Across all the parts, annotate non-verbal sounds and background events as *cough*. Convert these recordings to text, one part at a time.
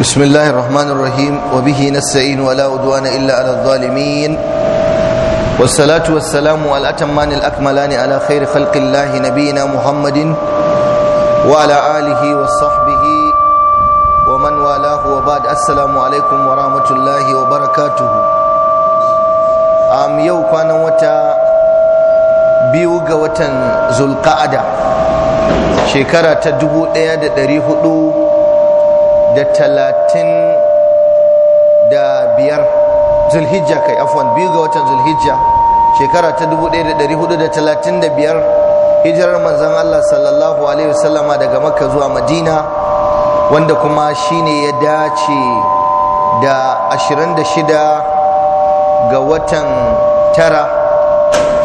بسم الله الرحمن الرحيم وبه نستعين ولا عدوان الا على الظالمين والصلاة والسلام على الأتمان الأكملان على خير خلق الله نبينا محمد وعلى آله وصحبه ومن والاه وبعد السلام عليكم ورحمة الله وبركاته أم يو كان وتا بيو وتن ذو القعدة شكرة تدبو إيادة ريهدو da talatin da biyar zulhijja kai afwan biyu ga watan zulhijja shekara ta dubu da da da talatin biyar. hijirar Manzan Allah sallallahu alaihi wasallama daga makka zuwa madina wanda kuma shine ya dace da ashirin da shida ga watan tara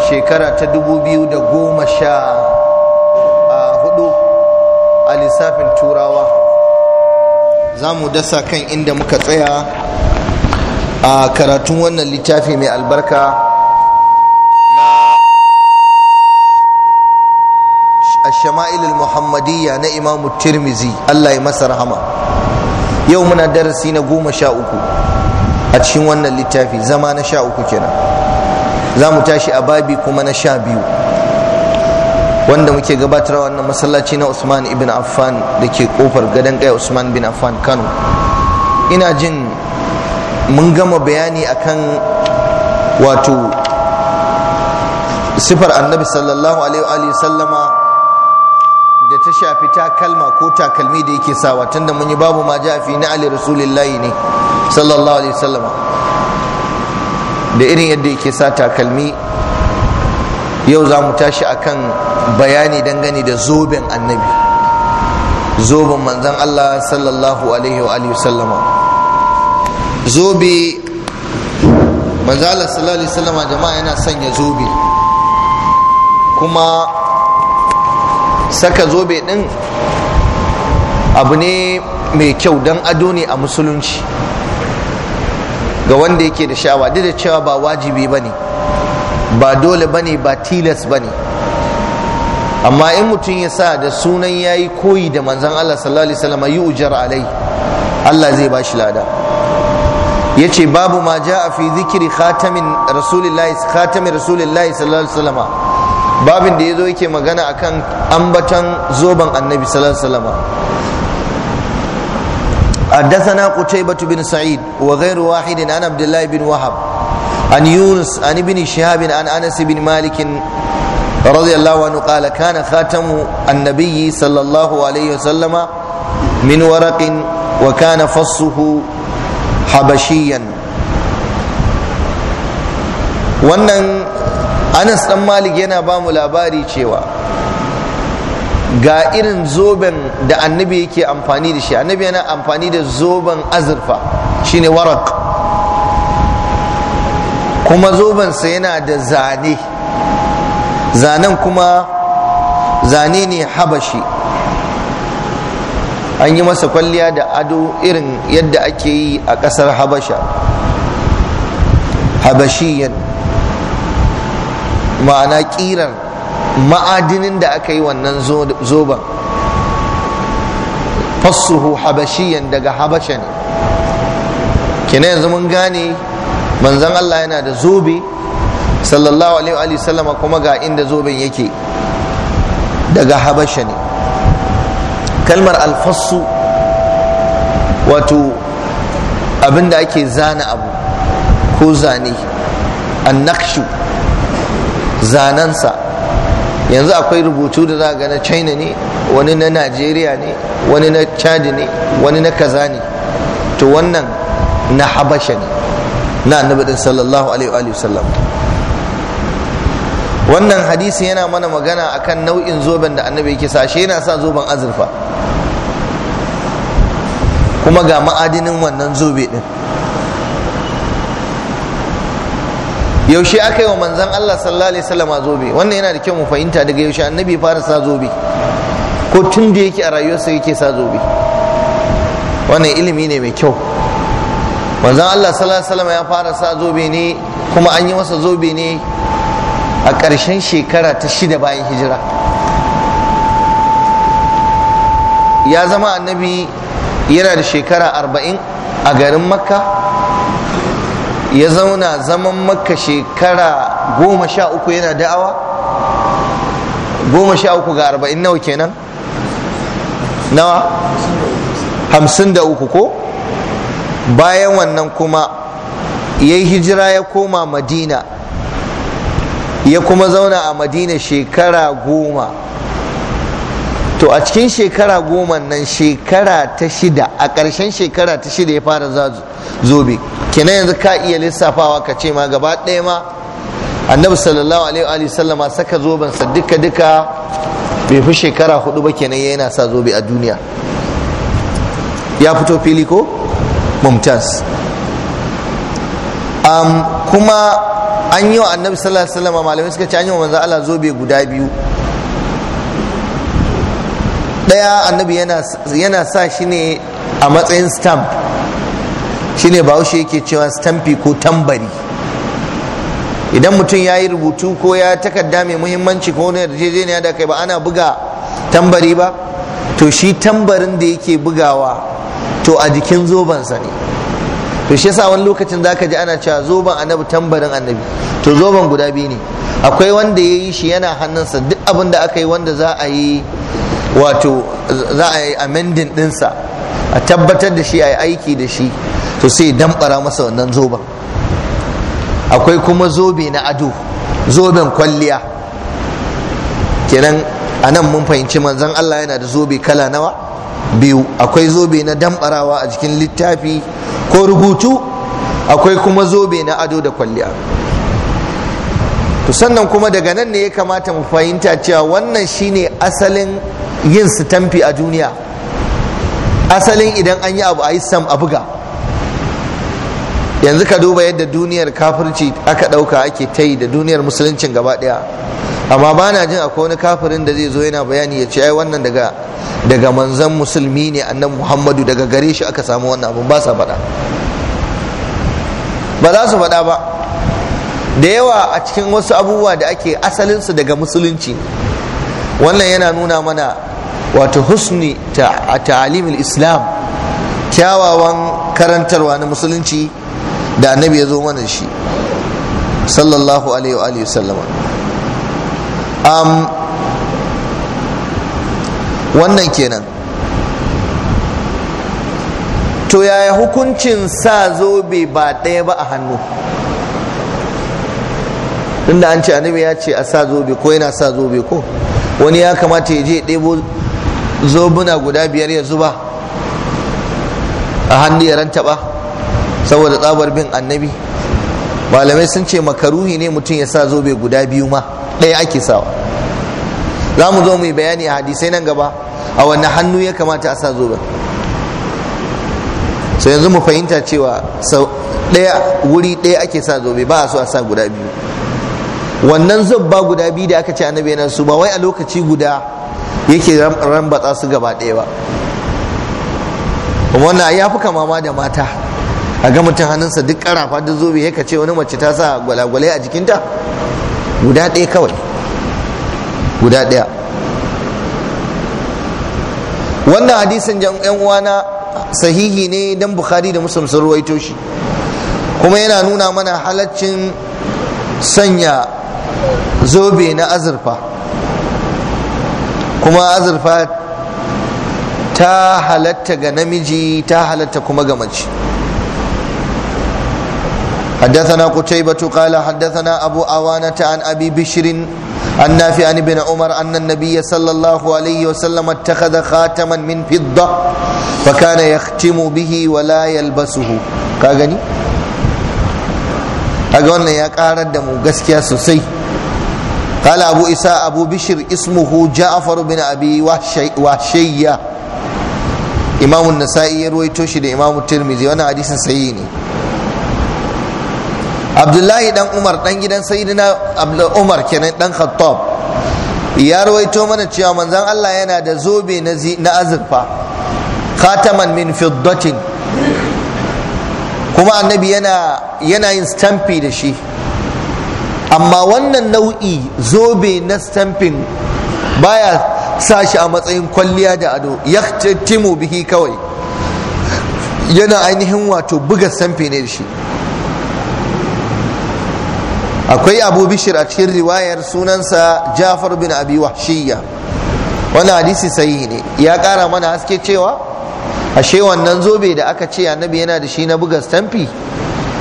shekara ta dubu biyu da goma sha ah, hudu a lissafin turawa za mu dasa kan inda muka tsaya a karatun wannan littafi mai albarka na shama'ilul muhammadiyya na imamu tirmizi allah ya masa rahama yau muna darasi na goma sha uku a cikin wannan littafi zama na sha uku kenan za mu tashi a babi kuma na sha biyu wanda muke gabatar wannan masallaci na Usman ibn Affan da ke kofar gadon kai Usman bin Affan Kano ina jin mun gama bayani akan wato sifar annabi sallallahu alaihi sallama da ta shafi takalma ko takalmi da yake sawa tunda mun yi babu ma jafi na ali rasulillahi ne sallallahu alaihi sallama da irin yadda yake sa takalmi yau za mu tashi akan bayani dangane da zoben annabi zoben manzan Allah sallallahu alaihi wa sallama zobe manzan Allah sallallahu alaihi sallama jama'a yana sanya zobe kuma saka zobe din abu ne mai kyau don ado ne a musulunci ga wanda yake da sha'awa duk da cewa ba wajibi ba ne ba dole bane ba tilas bane amma in mutum ya sa da sunan ya yi koyi da manzan Allah sallallahu alaihi wasallam yi ujar alai Allah zai ba shi lada yace babu ma jaa fi zikri khatamin rasulillahi khatamin rasulillahi sallallahu alaihi wasallama babin da yazo yake magana akan ambatan zoban annabi sallallahu alaihi wasallama حدثنا قتيبة بن سعيد وغير واحد عن عبد الله بن وهب عن يونس عن ابن شهاب عن انس بن مالك رضي الله عنه قال كان خاتم النبي صلى الله عليه وسلم من ورق وكان فصه حبشيا wannan anas dan malik yana ba mu labari cewa ga irin zoben da annabi yake amfani da shi annabi yana amfani da zoben azurfa shine warak kuma zobensa yana da zane zanen kuma zane ne habashi an yi masa kwalliya da ado irin yadda ake yi a ƙasar habasha habashiyan ma'ana ƙirar ma'adinin da aka yi wannan zoben fassuhu habashiyan daga habasha ne kina yanzu mun gane manzon Allah yana da zobe sallallahu alaihi wa sallama kuma ga inda zoben yake daga habasha ne kalmar alfassu wato abinda ake zana abu ko zane annakshu zanensa yanzu akwai rubutu da za ga na china ne wani na najeriya ne wani na chad ne wani na kaza ne to wannan na habasha ne na annabi din sallallahu alaihi wa sallam wannan hadisi yana mana magana akan nau'in zoben da annabi yake sa shi yana sa zoben azurfa kuma ga ma'adinin wannan zobe din yaushe aka yi wa manzan Allah sallallahu alaihi wasallam zobe wannan yana da kyau mu fahimta daga yaushe annabi ya fara sa zobe ko tun da yake a rayuwarsa yake sa zobe wannan ilimi ne mai kyau manzon Allah sallallahu alaihi wasallam ya fara sa zobe ne kuma an yi masa zobe ne a ƙarshen shekara ta shida bayan hijira ya zama annabi yana da shekara arba'in a garin makka ya zauna zaman makka shekara goma sha uku yana da'awa goma sha uku ga arba'in nawa kenan nawa hamsin da uku ko bayan wannan kuma ya yi hijira ya koma madina ya kuma zauna a madina shekara goma to a cikin shekara goma nan shekara ta shida a ƙarshen shekara ta shida ya fara zobe kenan yanzu ka iya lissafawa ka ce ma gaba ɗaya ma annabi sallallahu alaihi wa sallama saka zoben sa duka duka bai fi shekara hudu ba kenan yana sa zobe a duniya ya fito fili ko mumtaz kuma an yi wa annabi sallallahu alaihi wasallam malamai suka ce an yi wa manzo Allah zobe guda biyu daya annabi yana sa shi ne a matsayin stamp shine ba bahaushe yake cewa stampi ko tambari idan mutum ya yi rubutu ko ya takarda mai muhimmanci ko wani yarjejeniya da kai ba ana buga tambari ba to shi tambarin da yake bugawa to a jikin zobansa ne to shi yasa wani lokacin za ka ji ana cewa zoban annabi tambarin annabi to zoban guda biyu ne akwai wanda ya yi shi yana hannunsa duk abin da aka yi wanda za a yi wato za a yi amending ɗinsa a tabbatar da shi a yi aiki da shi to sai damɓara masa wannan zoben akwai kuma zobe na ado zoben kwalliya kenan a nan mun fahimci manzon Allah yana da zobe kala nawa biyu akwai zobe na damɓarawa a jikin littafi ko rubutu akwai kuma zobe na ado da kwalliya to sannan kuma daga nan ne ya kamata mu fahimta cewa wannan shine asalin yin sitamfi a duniya asalin idan an yi abu a yi sam a buga yanzu ka duba yadda duniyar kafirci aka ɗauka ake ta yi da duniyar musuluncin gaba ɗaya amma ba na jin akwai wani kafirin da zai zo yana bayani ya ce ai wannan daga daga manzan musulmi ne annan muhammadu daga gare shi aka samu wannan abun ba sa faɗa ba za su faɗa ba da yawa a cikin wasu abubuwa da ake asalinsu daga musulunci wannan yana nuna mana wato husni a ta'alimul islam kyawawan karantarwa na musulunci da annabi ya zo mana shi sallallahu alaihi wa sallama wannan kenan to yaya hukuncin sa zobe ba ɗaya ba a hannu inda an ce annabi ya ce a sa zobe ko yana sa zobe ko wani ya kamata ya je ɗebo zobuna guda biyar ya zuba a hannu ya ranta ba saboda tsabar bin annabi malamai sun ce makaruhi ne mutum ya sa zobe guda biyu ma ɗaya ake sawa za mu zo mu yi bayani a hadisai nan gaba a wanne hannu ya kamata a sa zoben so yanzu mu fahimta cewa sau ɗaya wuri ɗaya ake sa zobe ba a so a sa guda biyu wannan zubba guda biyu da aka ce annabi yana su ba wai a lokaci guda yake rambatsa su gaba daya ba kuma wannan ya fi kamama da mata a ga mutum hannunsa duk karafa duk zobe ya kace wani mace ta sa gwalagwalai a jikinta guda ɗaya kawai guda ɗaya wannan hadisin yan uwana sahihi ne dan bukhari da muslim sun ruwaito shi kuma yana nuna mana halaccin sanya zobe na azurfa kuma azurfa ta halatta ga namiji ta halatta kuma ga mace حدثنا قتيبة قال حدثنا أبو أوانة عن أبي بشر عن نافع عن ابن عمر أن النبي صلى الله عليه وسلم اتخذ خاتما من فضة فكان يختم به ولا يلبسه كاغني أقول يا قارد مو قسكيا سوسي قال أبو إساء أبو بشر اسمه جعفر بن أبي وحشي وحشية إمام النسائي يروي توشي إمام الترمذي وأنا حديث سيئني abdullahi dan umar dan gidan sayyidina umar kenan dan khattab ya rawaito mana cewa manzon Allah yana da zobe na azurfa khataman min fiddatin kuma annabi yana yana yin stampi da shi amma wannan nau'i zobe na stamping baya sa shi a matsayin kwalliya da ado ya biki bihi kawai yana ainihin wato buga stampi ne da shi akwai abu bishir a cikin riwayar sunansa jafar bin abi wahshiya wani hadisi sayi ne ya kara mana haske cewa ashe wannan zobe da aka ce annabi yana da shi na buga stamfi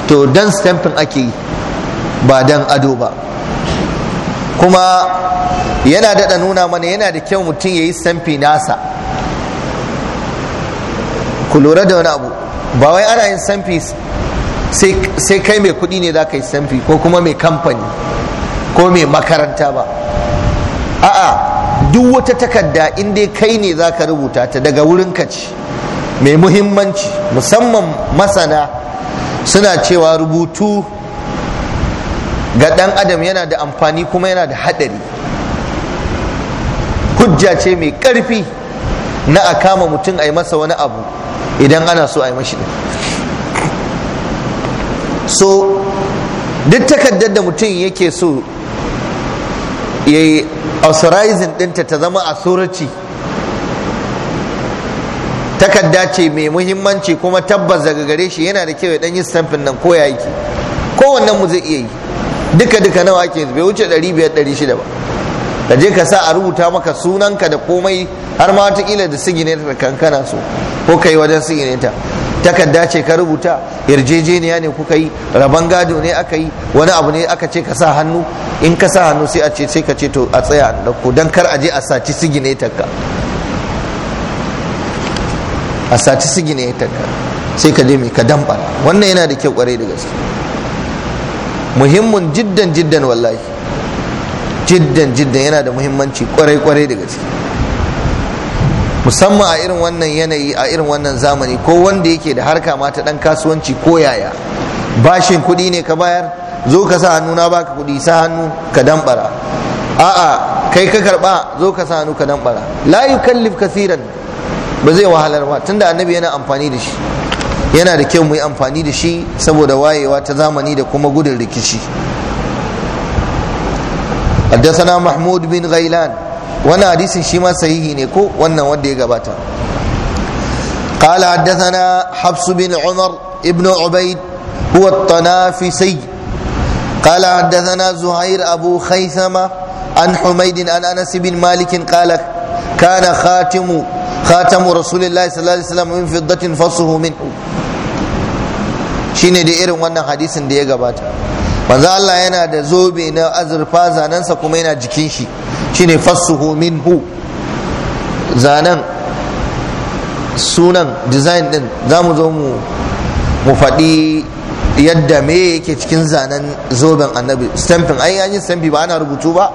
to dan stamfin ake yi ba dan ado ba kuma yana daɗa nuna mana yana da kyau mutum ya yi stamfi nasa ku lura da wani abu ba wai ana yin stamfi sai kai mai kuɗi ne za ka yi samfi ko kuma mai kamfani ko mai makaranta ba a'a duk wata takarda in dai kai ne za ka rubuta ta daga wurin ka ci mai muhimmanci musamman masana suna cewa rubutu ga ɗan adam yana da amfani kuma yana da haɗari hujja ce mai karfi na a kama mutum a yi masa wani abu idan ana so a yi mashi so duk takardar da mutum yake so ya yi authorizing dinta ta zama a surati takarda ce mai muhimmanci kuma tabbas daga gare shi yana da kyau ya ɗan yi stampin nan ko ya yi kowannan mu zai iya yi duka duka nawa ake bai wuce 500-600 ba da je ka sa a rubuta maka sunanka da komai har ma watakila da sigineta da kankana so ko yi wajen sigineta takarda ce ka rubuta yarjejeniya ne kuka yi rabon gado ne aka yi wani abu ne aka ce ka sa hannu in ka sa hannu sai a ce sai ka ce to a tsaya a ɗauko don kar a je a saci sigine takka a saci sigine takka sai ka je mai ka damɓa wannan yana da kyau kwarai da gaske muhimmin jiddan jiddan wallahi jiddan jiddan yana da muhimmanci kwarai kwarai da gaske musamman a irin wannan yanayi a irin wannan zamani ko wanda yake da harka ma ta dan kasuwanci ko yaya bashin kuɗi ne ka bayar zo ka sa hannu na baka kuɗi sa hannu ka dambara a'a kai ka karba zo ka sa hannu ka dambara la yukallif kasiran ba zai wahalar ba tunda annabi yana amfani da shi yana da kyau mu yi amfani da shi saboda wayewa ta zamani da kuma gudun rikici حدثنا محمود bin غيلان wannan hadisin shi ma sahihi ne ko wannan wanda ya gabata قال حدثنا حفص بن عمر ابن عبيد هو الطنافسي قال حدثنا زهير Zuhair خيثمة عن حميد عن أنس بن مالك قال كان خاتم خاتم رسول الله صلى الله عليه وسلم من فضة فصه منه shine da irin wannan hadisin da ya gabata manzo Allah yana da zobe na azurfa zanensa kuma yana jikin shi shine fassuhu minhu zanen sunan design din za mu zo mu faɗi yadda me yake cikin zanen zoben annabi stamping ai an yi stamping ba ana rubutu ba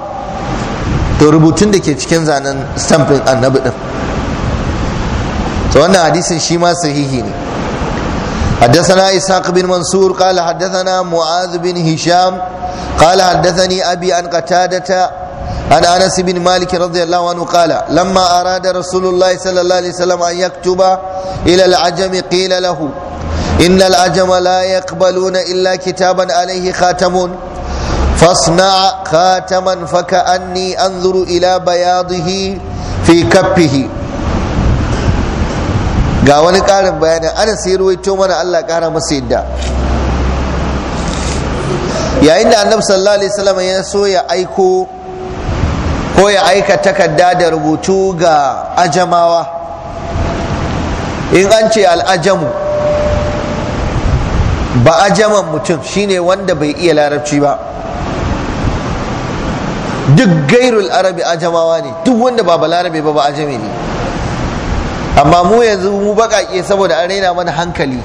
to rubutun da ke cikin zanen stamping annabi din to wannan hadisin shi ma sahihi ne حدثنا إسحاق بن منصور قال حدثنا معاذ بن هشام قال حدثني أبي عن قتادة عن انس بن مالك رضي الله عنه قال لما اراد رسول الله صلى الله عليه وسلم ان يكتب الى العجم قيل له ان العجم لا يقبلون الا كتابا عليه خاتم فاصنع خاتما فكاني انظر الى بياضه في كفه ga wani ƙarin bayanin ana sai ruwaito mana Allah ƙara masa yadda yayin da annabi sallallahu alaihi wasallam ya so ya aiko ko ya aika takarda da rubutu ga ajamawa in an ce al'ajamu ba ajaman mutum shine wanda bai iya larabci ba duk gairul arabi ajamawa ne duk wanda ba balarabe ba ba ajami ne amma mu yanzu mu baƙaƙe saboda an raina mana hankali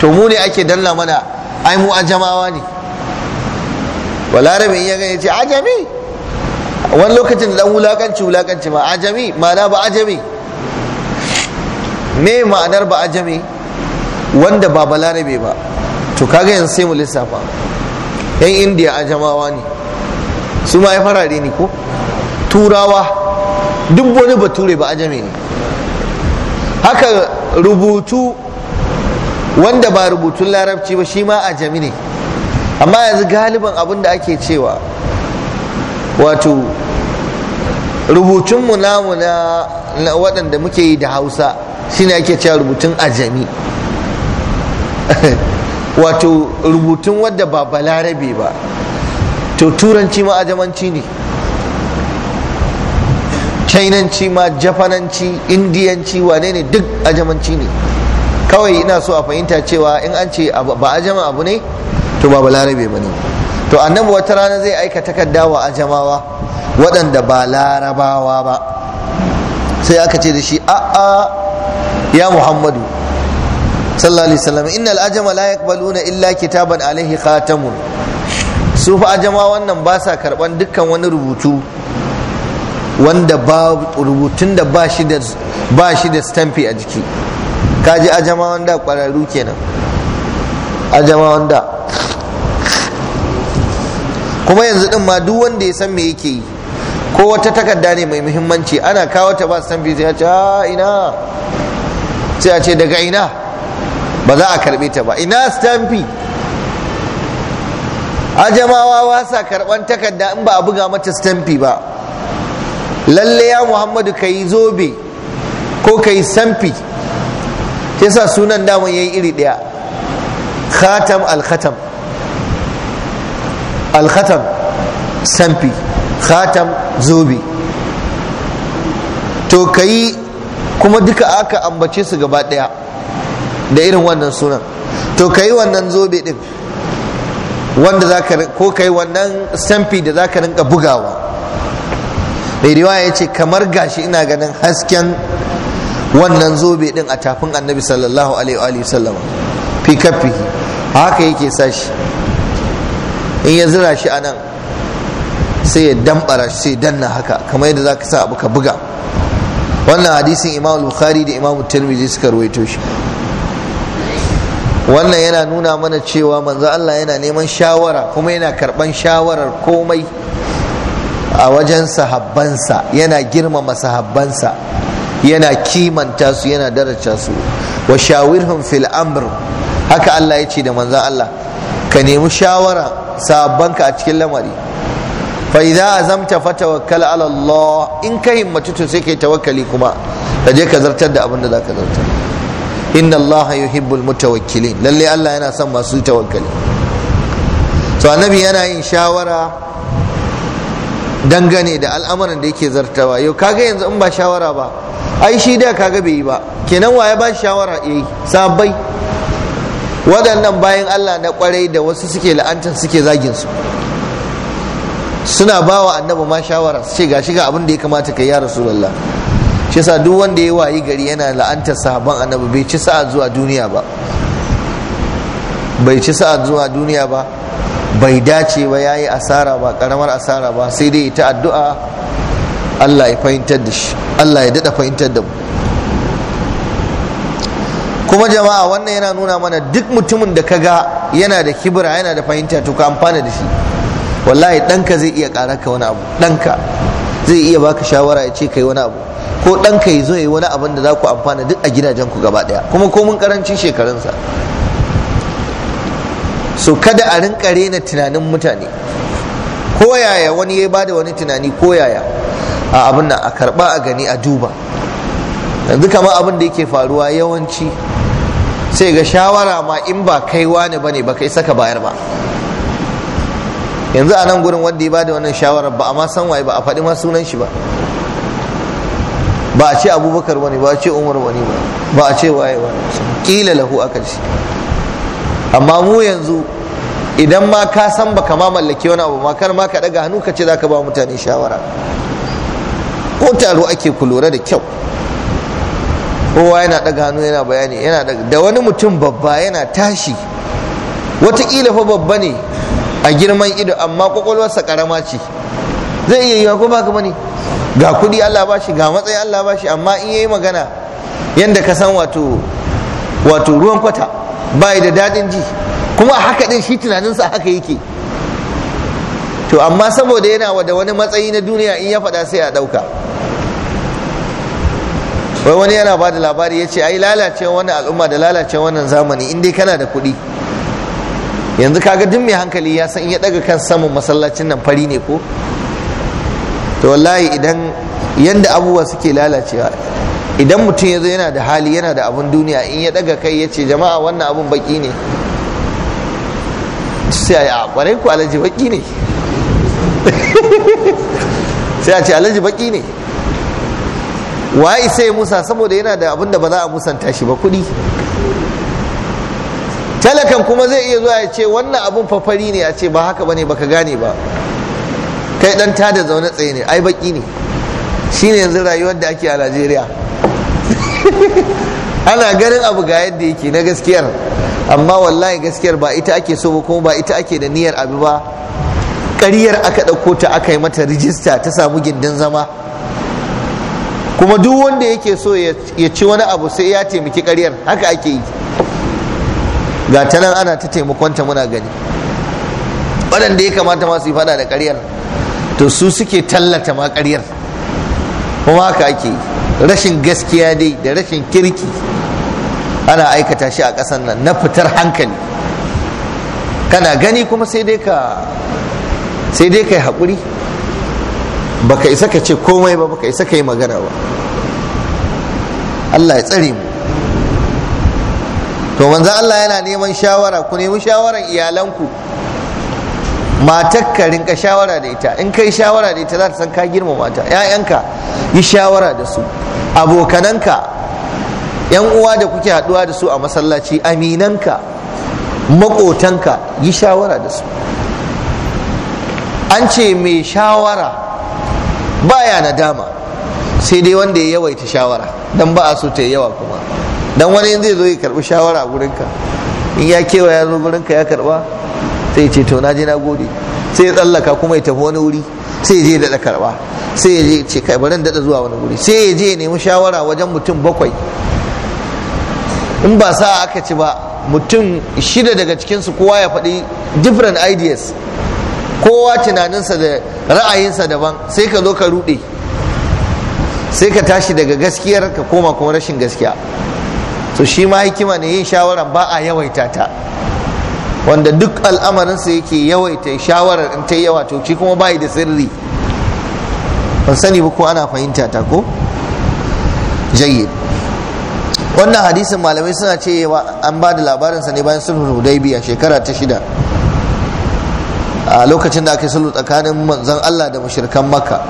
to mu ne ake danna mana ai mu ajamawa ne balarabe in ya gani ce ajami wani lokacin da wulakanci wulakanci ba ajami ma'ana ba ajami me ma'anar ba ajami wanda ba balarabe ba to kaga yanzu sai mu lissafa yan indiya ajamawa ne su ma ya farare ne ko turawa duk wani bature ba ajami ne haka rubutu wanda ba rubutun larabci ba shi ma ajami ne amma yanzu galiban abin da ake cewa wato rubutunmu namu na waɗanda muke yi da hausa shi ne ake cewa rubutun ajami *laughs* wato rubutun wadda ba balarabe ba to turanci ma ajamanci ne chinanci ma jafananci indiyanci wane ne duk ajamanci ne kawai ina so a fahimta cewa in an ce ba ajama abu ne to ba balarabe ba ne to annabi wata rana zai aika takarda wa ajamawa waɗanda ba larabawa ba sai aka ce da shi a'a ya muhammadu sallallahu alaihi wasallam innal ajama la yaqbaluna illa kitaban alaihi khatamun su fa ajama wannan ba sa karban dukkan wani rubutu wanda ba rubutun da ba shi da ba shi da stampi a jiki kaji ajama wanda kwararru kenan ajama wanda kuma yanzu din ma duk wanda ya san me yake yi ko wata takarda ne mai muhimmanci ana kawo ta ba bi sai ta ce ah, ina sai a ce daga ina ba za a karbe ta ba ina stampi ajamawa wasa karban takarda in ba a buga mata stampi ba lalle ya muhammadu ka zobe ko ka yi sai sa sunan daman yayi iri daya khatam al-khatam alkhatam samfi khatam zobe to kayi kuma duka aka ambace su gaba daya da irin wannan sunan to kayi wannan zobe din wanda zaka ko kayi wannan samfi da zaka rinka bugawa mai riwaya ya ce kamar gashi ina ganin hasken wannan zobe din a tafin annabi sallallahu alaihi wa sallama fi kaffihi haka yake sashi in ya zira shi anan nan sai ya dambara shi sai danna haka kamar yadda za sa abu ka buga wannan hadisin imam bukhari da imam tirmidhi suka ruwaito shi wannan yana nuna mana cewa manzo Allah yana neman shawara kuma yana karban shawarar komai a wajen sahabbansa yana girmama sahabbansa yana kimanta su yana daraja su wa shawirhum fil amr haka Allah yace da manzo Allah ka nemi shawara sabanka a cikin lamari fa idza azamta fatawakkal ala Allah in ka himmatu to sai kai tawakkali kuma ka je ka zartar da abin da zaka zartar inna Allah yuhibbul mutawakkilin lalle Allah yana son masu tawakkali to annabi yana yin shawara dangane da al'amuran da yake zartawa yau kaga yanzu in ba shawara ba ai shi da kaga bai yi ba kenan wa ya ba shawara yayi eh, sabai waɗannan bayan Allah na kwarai da wasu suke la'antar suke zagin su suna ba wa annabi ma shawara su ce gashi ga abin da ya kamata ka yi ya rasulullah shi sa duk wanda ya wayi gari yana la'antar sahabban annabi bai ci sa'a zuwa duniya ba bai ci sa'a zuwa duniya ba bai dace ba yayi asara ba karamar asara ba sai dai ta addu'a Allah ya fahimtar da shi Allah ya dada fahimtar da mu kuma jama'a wannan yana nuna mana duk mutumin da ka ga yana da kibira yana da fahimta to ka amfana da shi wallahi ɗanka zai iya ƙara ka wani abu ɗanka zai iya baka shawara ya ce kai wani abu ko ɗanka ya zo ya yi wani abin da za ku amfana duk a gidajen ku gaba ɗaya kuma mun ƙarancin shekarunsa so kada a rinka rena tunanin mutane ko yaya wani ya bada wani tunani ko yaya a abin nan a karɓa a gani a duba yanzu kama abin da yake faruwa yawanci sai ga shawara ma in ba kai wani bane ba kai saka bayar ba yanzu a nan gurin wanda ya ba da wannan shawarar ba a ma san waye ba a faɗi ma sunan shi ba ba a ce abubakar wani ba a ce umar wani ba ba a ce waye ba kila lahu aka ce amma mu yanzu idan ma ka san ba kama mallaki wani abu ma kar ma ka daga hannu ka ce za ka ba mutane shawara ko taro ake ku lura da kyau kowa yana daga hannu yana bayani yana da wani mutum babba yana tashi wataƙila fa babba ne a girman ido amma kwakwalwarsa karama ce zai iya yiwa ko baka bane ga kuɗi Allah ba shi ga matsayi Allah ba shi amma in yayi magana yanda ka san wato ruwan kwata bai da daɗin ji kuma haka din shi tunaninsa haka yake to amma saboda yana da wani matsayi na duniya in ya faɗa sai a ɗauka wai wani yana ba da labari ya ce ai lalace wani al'umma da lalace wannan zamani in dai kana da kuɗi yanzu kaga duk mai hankali ya san in ya daga kan samun masallacin nan fari ne ko to wallahi idan yanda abubuwa suke lalacewa idan mutum ya zo yana da hali yana da abun duniya in ya daga kai ya ce jama'a wannan abun baki ne sai a kwarai ku alaji baki ne *laughs* sai a ce alaji baki ne Wa sai musa saboda yana da abin da ba za a musanta shi ba kuɗi talakan kuma zai iya zuwa ya ce wannan abun fafari ne a ce ba haka bane ka gane ba kai dan ta da zaune tsaye ne ai baki ne Shi ne yanzu rayuwar da ake a Najeriya *laughs* ana ganin abu ga yadda yake na gaskiyar amma wallahi gaskiyar ba ita ake so ba kuma ba ita ake da niyyar abu ba ƙaryar aka ɗauko ta aka yi mata rijista ta samu gindin zama kuma duk wanda yake so ya ci wani abu sai ya taimaki karyar haka ake yi ga ta nan ana ta taimakonta muna gani waɗanda ya kamata masu yi fada da ƙaryar to su suke tallata ma ƙaryar kuma haka ake yi rashin gaskiya dai da rashin kirki ana aikata shi a ƙasar nan na fitar hankali kana gani kuma sai dai ka sai dai ka yi haƙuri baka isa ka ce komai ba baka isa ka yi magana ba Allah ya tsare mu to manzo Allah yana neman shawara ku nemi shawaran iyalanku matar ka rinka shawara da ita in kai shawara da ita za ta san ka girmama mata ƴaƴanka yi shawara da su abokananka yan uwa da kuke haɗuwa da su a masallaci aminanka makotanka yi shawara da su an ce mai shawara baya nadama sai dai wanda ya yawaita shawara dan ba a so ta yawa kuma dan wani zai zo ya karbi shawara a gurinka in ya kewa ya zo gurinka ya karba sai ce to naje na gode sai ya tsallaka kuma ya tafi wani wuri sai ya je daɗa karba sai ya je ce kai bari daɗa zuwa wani wuri sai ya je ya nemi shawara wajen mutum bakwai in ba sa aka ci ba mutum shida daga cikinsu kowa ya faɗi different ideas kowa tunaninsa da ra'ayinsa daban sai ka zo ka ruɗe sai ka tashi daga gaskiyar ka koma kuma rashin gaskiya to shi ma hikima ne yin shawara ba a yawaita ta wanda duk al'amarinsa yake yawaita shawarar in ta yawa to shi kuma bayi da sirri ban sani ba ko ana fahimta ta ko jayyid wannan hadisin malamai suna cewa an ba da labarinsa ne bayan sulhul hudaybiya shekara ta shida a lokacin da aka yi sulhu tsakanin manzon Allah da mushrikan makka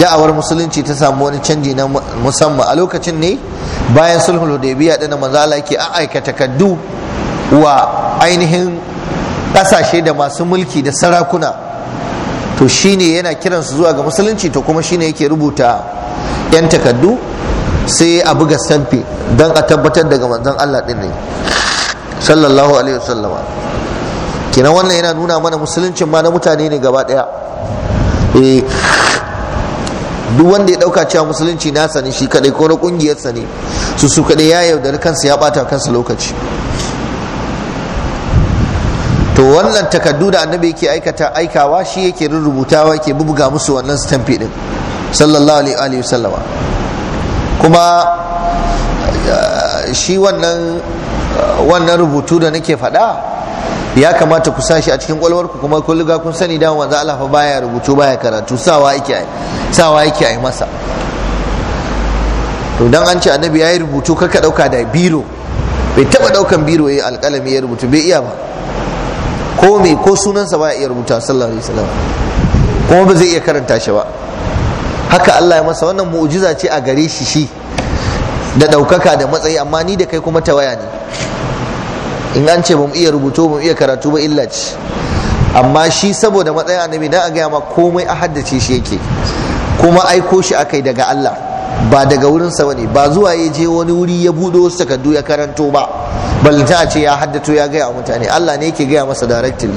da'awar musulunci ta samu wani canji na musamman a lokacin ne bayan sulhul hudaybiya din manzo Allah yake aika takaddu wa ainihin kasashe da masu mulki da sarakuna to shine yana kiransu zuwa ga musulunci to kuma shine yake rubuta yan takaddu sai a buga sanfi don a tabbatar daga manzon Allah din ne sallallahu alaihi wasallama kenan wannan yana nuna mana musuluncin ma na mutane ne gaba daya eh, duk wanda ya dauka cewa musulunci nasa ne shi kadai ko na kungiyarsa ne su su kadai ya yaudari kansa ya bata kansa lokaci to wannan takaddu da annabi yake aikata aikawa shi yake rubutawa yake bubuga musu wannan stamfi din sallallahu alaihi wa sallama kuma eh, shi wannan wannan rubutu da nake faɗa ya kamata ku sashi a cikin kwalwarku kuma kun riga kun sani da wanzu Allah fa baya rubutu baya karatu sawa yake ai sawa yake ai masa to dan an ce annabi yayi rubutu kaka dauka da biro bai taba daukan biro yayi alkalami ya rubutu bai iya ba ko me ko sunansa baya iya rubuta sallallahu alaihi wasallam kuma ba zai iya karanta shi ba haka Allah ya masa wannan mu'jiza ce a gare shi shi da daukaka da matsayi amma ni da kai kuma tawaya ne in an ce ba mu iya rubuto ba mu iya karatu ba illa ce amma shi saboda matsayin annabi dan a gaya ma komai a haddace shi yake kuma aiko shi akai daga Allah ba daga wurinsa bane ba zuwa ya je wani wuri ya budo wasu takardu ya karanto ba balanta a ce ya haddato ya gaya wa mutane Allah ne yake gaya masa directly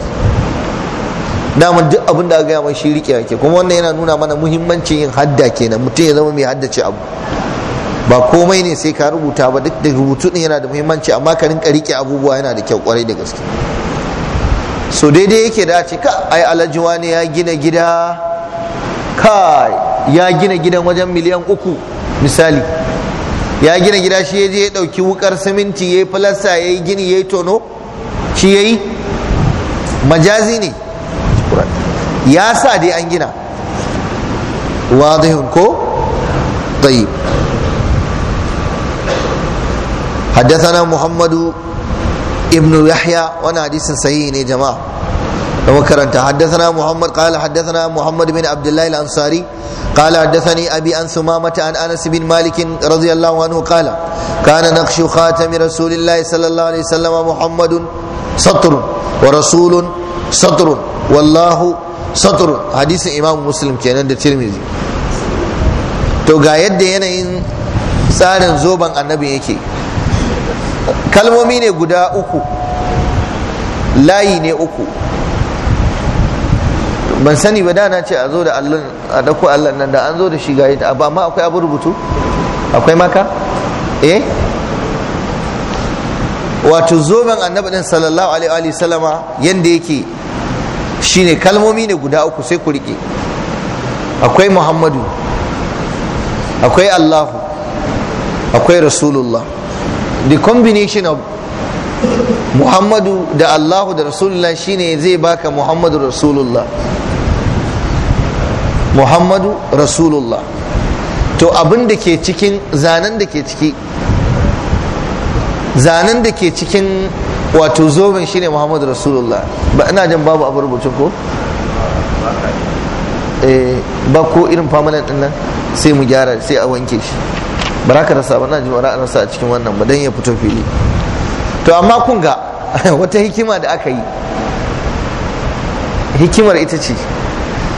daman duk abin da aka gaya mai shi rike yake kuma wannan yana nuna mana muhimmancin yin hadda kenan mutum ya zama mai haddace abu ba komai ne sai ka rubuta ba duk da rubutu ne yana da muhimmanci amma ka rinka rike abubuwa yana da kyau kwarai da gaske so daidai yake da ce ka ai alhaji wani ya gina gida ka ya gina gidan wajen miliyan uku misali ya gina gida shi ya je ya ɗauki wukar siminti ya yi filasta ya yi gini ya yi tono shi ya yi majazi ne ya sa dai an gina wadihun ko tayyib حدثنا محمد ابن يحيى وانا حديث صحيح يا جماعه وكرنت حدثنا محمد قال حدثنا محمد بن عبد الله الانصاري قال حدثني ابي عن سمامه عن انس بن مالك رضي الله عنه قال كان نقش خاتم رسول الله صلى الله عليه وسلم محمد سطر ورسول سطر والله سطر حديث امام مسلم كان الترمذي to ga yadda yanayin tsarin zoben annabi yake kalmomi ne guda uku layi ne uku ban sani ba dana ce a zo da allon a dako allon nan da an zo da shi ta ba ma akwai abu rubutu akwai maka eh wato zoben annabi din sallallahu alaihi wa sallama yanda yake shine kalmomi ne guda uku sai ku rike akwai muhammadu akwai allahu akwai rasulullah the combination of muhammadu da allahu da rasulullah shine zai baka muhammadu rasulullah muhammadu rasulullah to abin da ke cikin zanen da ke ciki zanen da ke cikin wato zoben shine muhammadu rasulullah ba ina jan babu abu rubutun ko eh, ba ko irin famalan din nan sai mu gyara sai a wanke shi baraka da sabon na ji wara a cikin wannan ba dan ya fito fili to amma kun ga *laughs* wata hikima da aka yi hikimar ita ce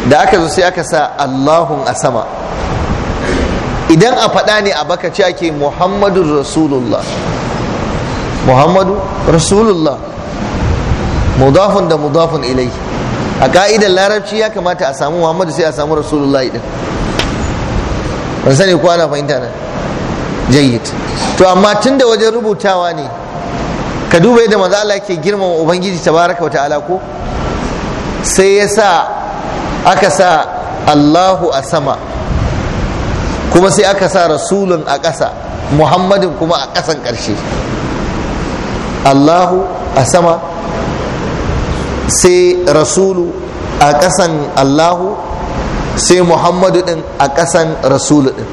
da aka zo sai aka sa Allahun a sama idan a faɗa ne a baka ce ake Muhammadu Rasulullah Muhammadu Rasulullah mudafun da mudafun ilai a ka'idar larabci ya kamata a samu Muhammadu sai a samu Rasulullah idan ban sani ko ana fahimta nan jayyid to amma tunda wajen rubutawa ne ka duba yadda maza Allah ke girmama ubangiji tabaraka wa ta'ala ko sai ya sa aka sa Allahu a sama kuma sai aka sa rasulun a ƙasa muhammadin kuma a ƙasan ƙarshe Allahu a sama sai rasulu a ƙasan Allahu sai muhammadu ɗin a ƙasan rasulu ɗin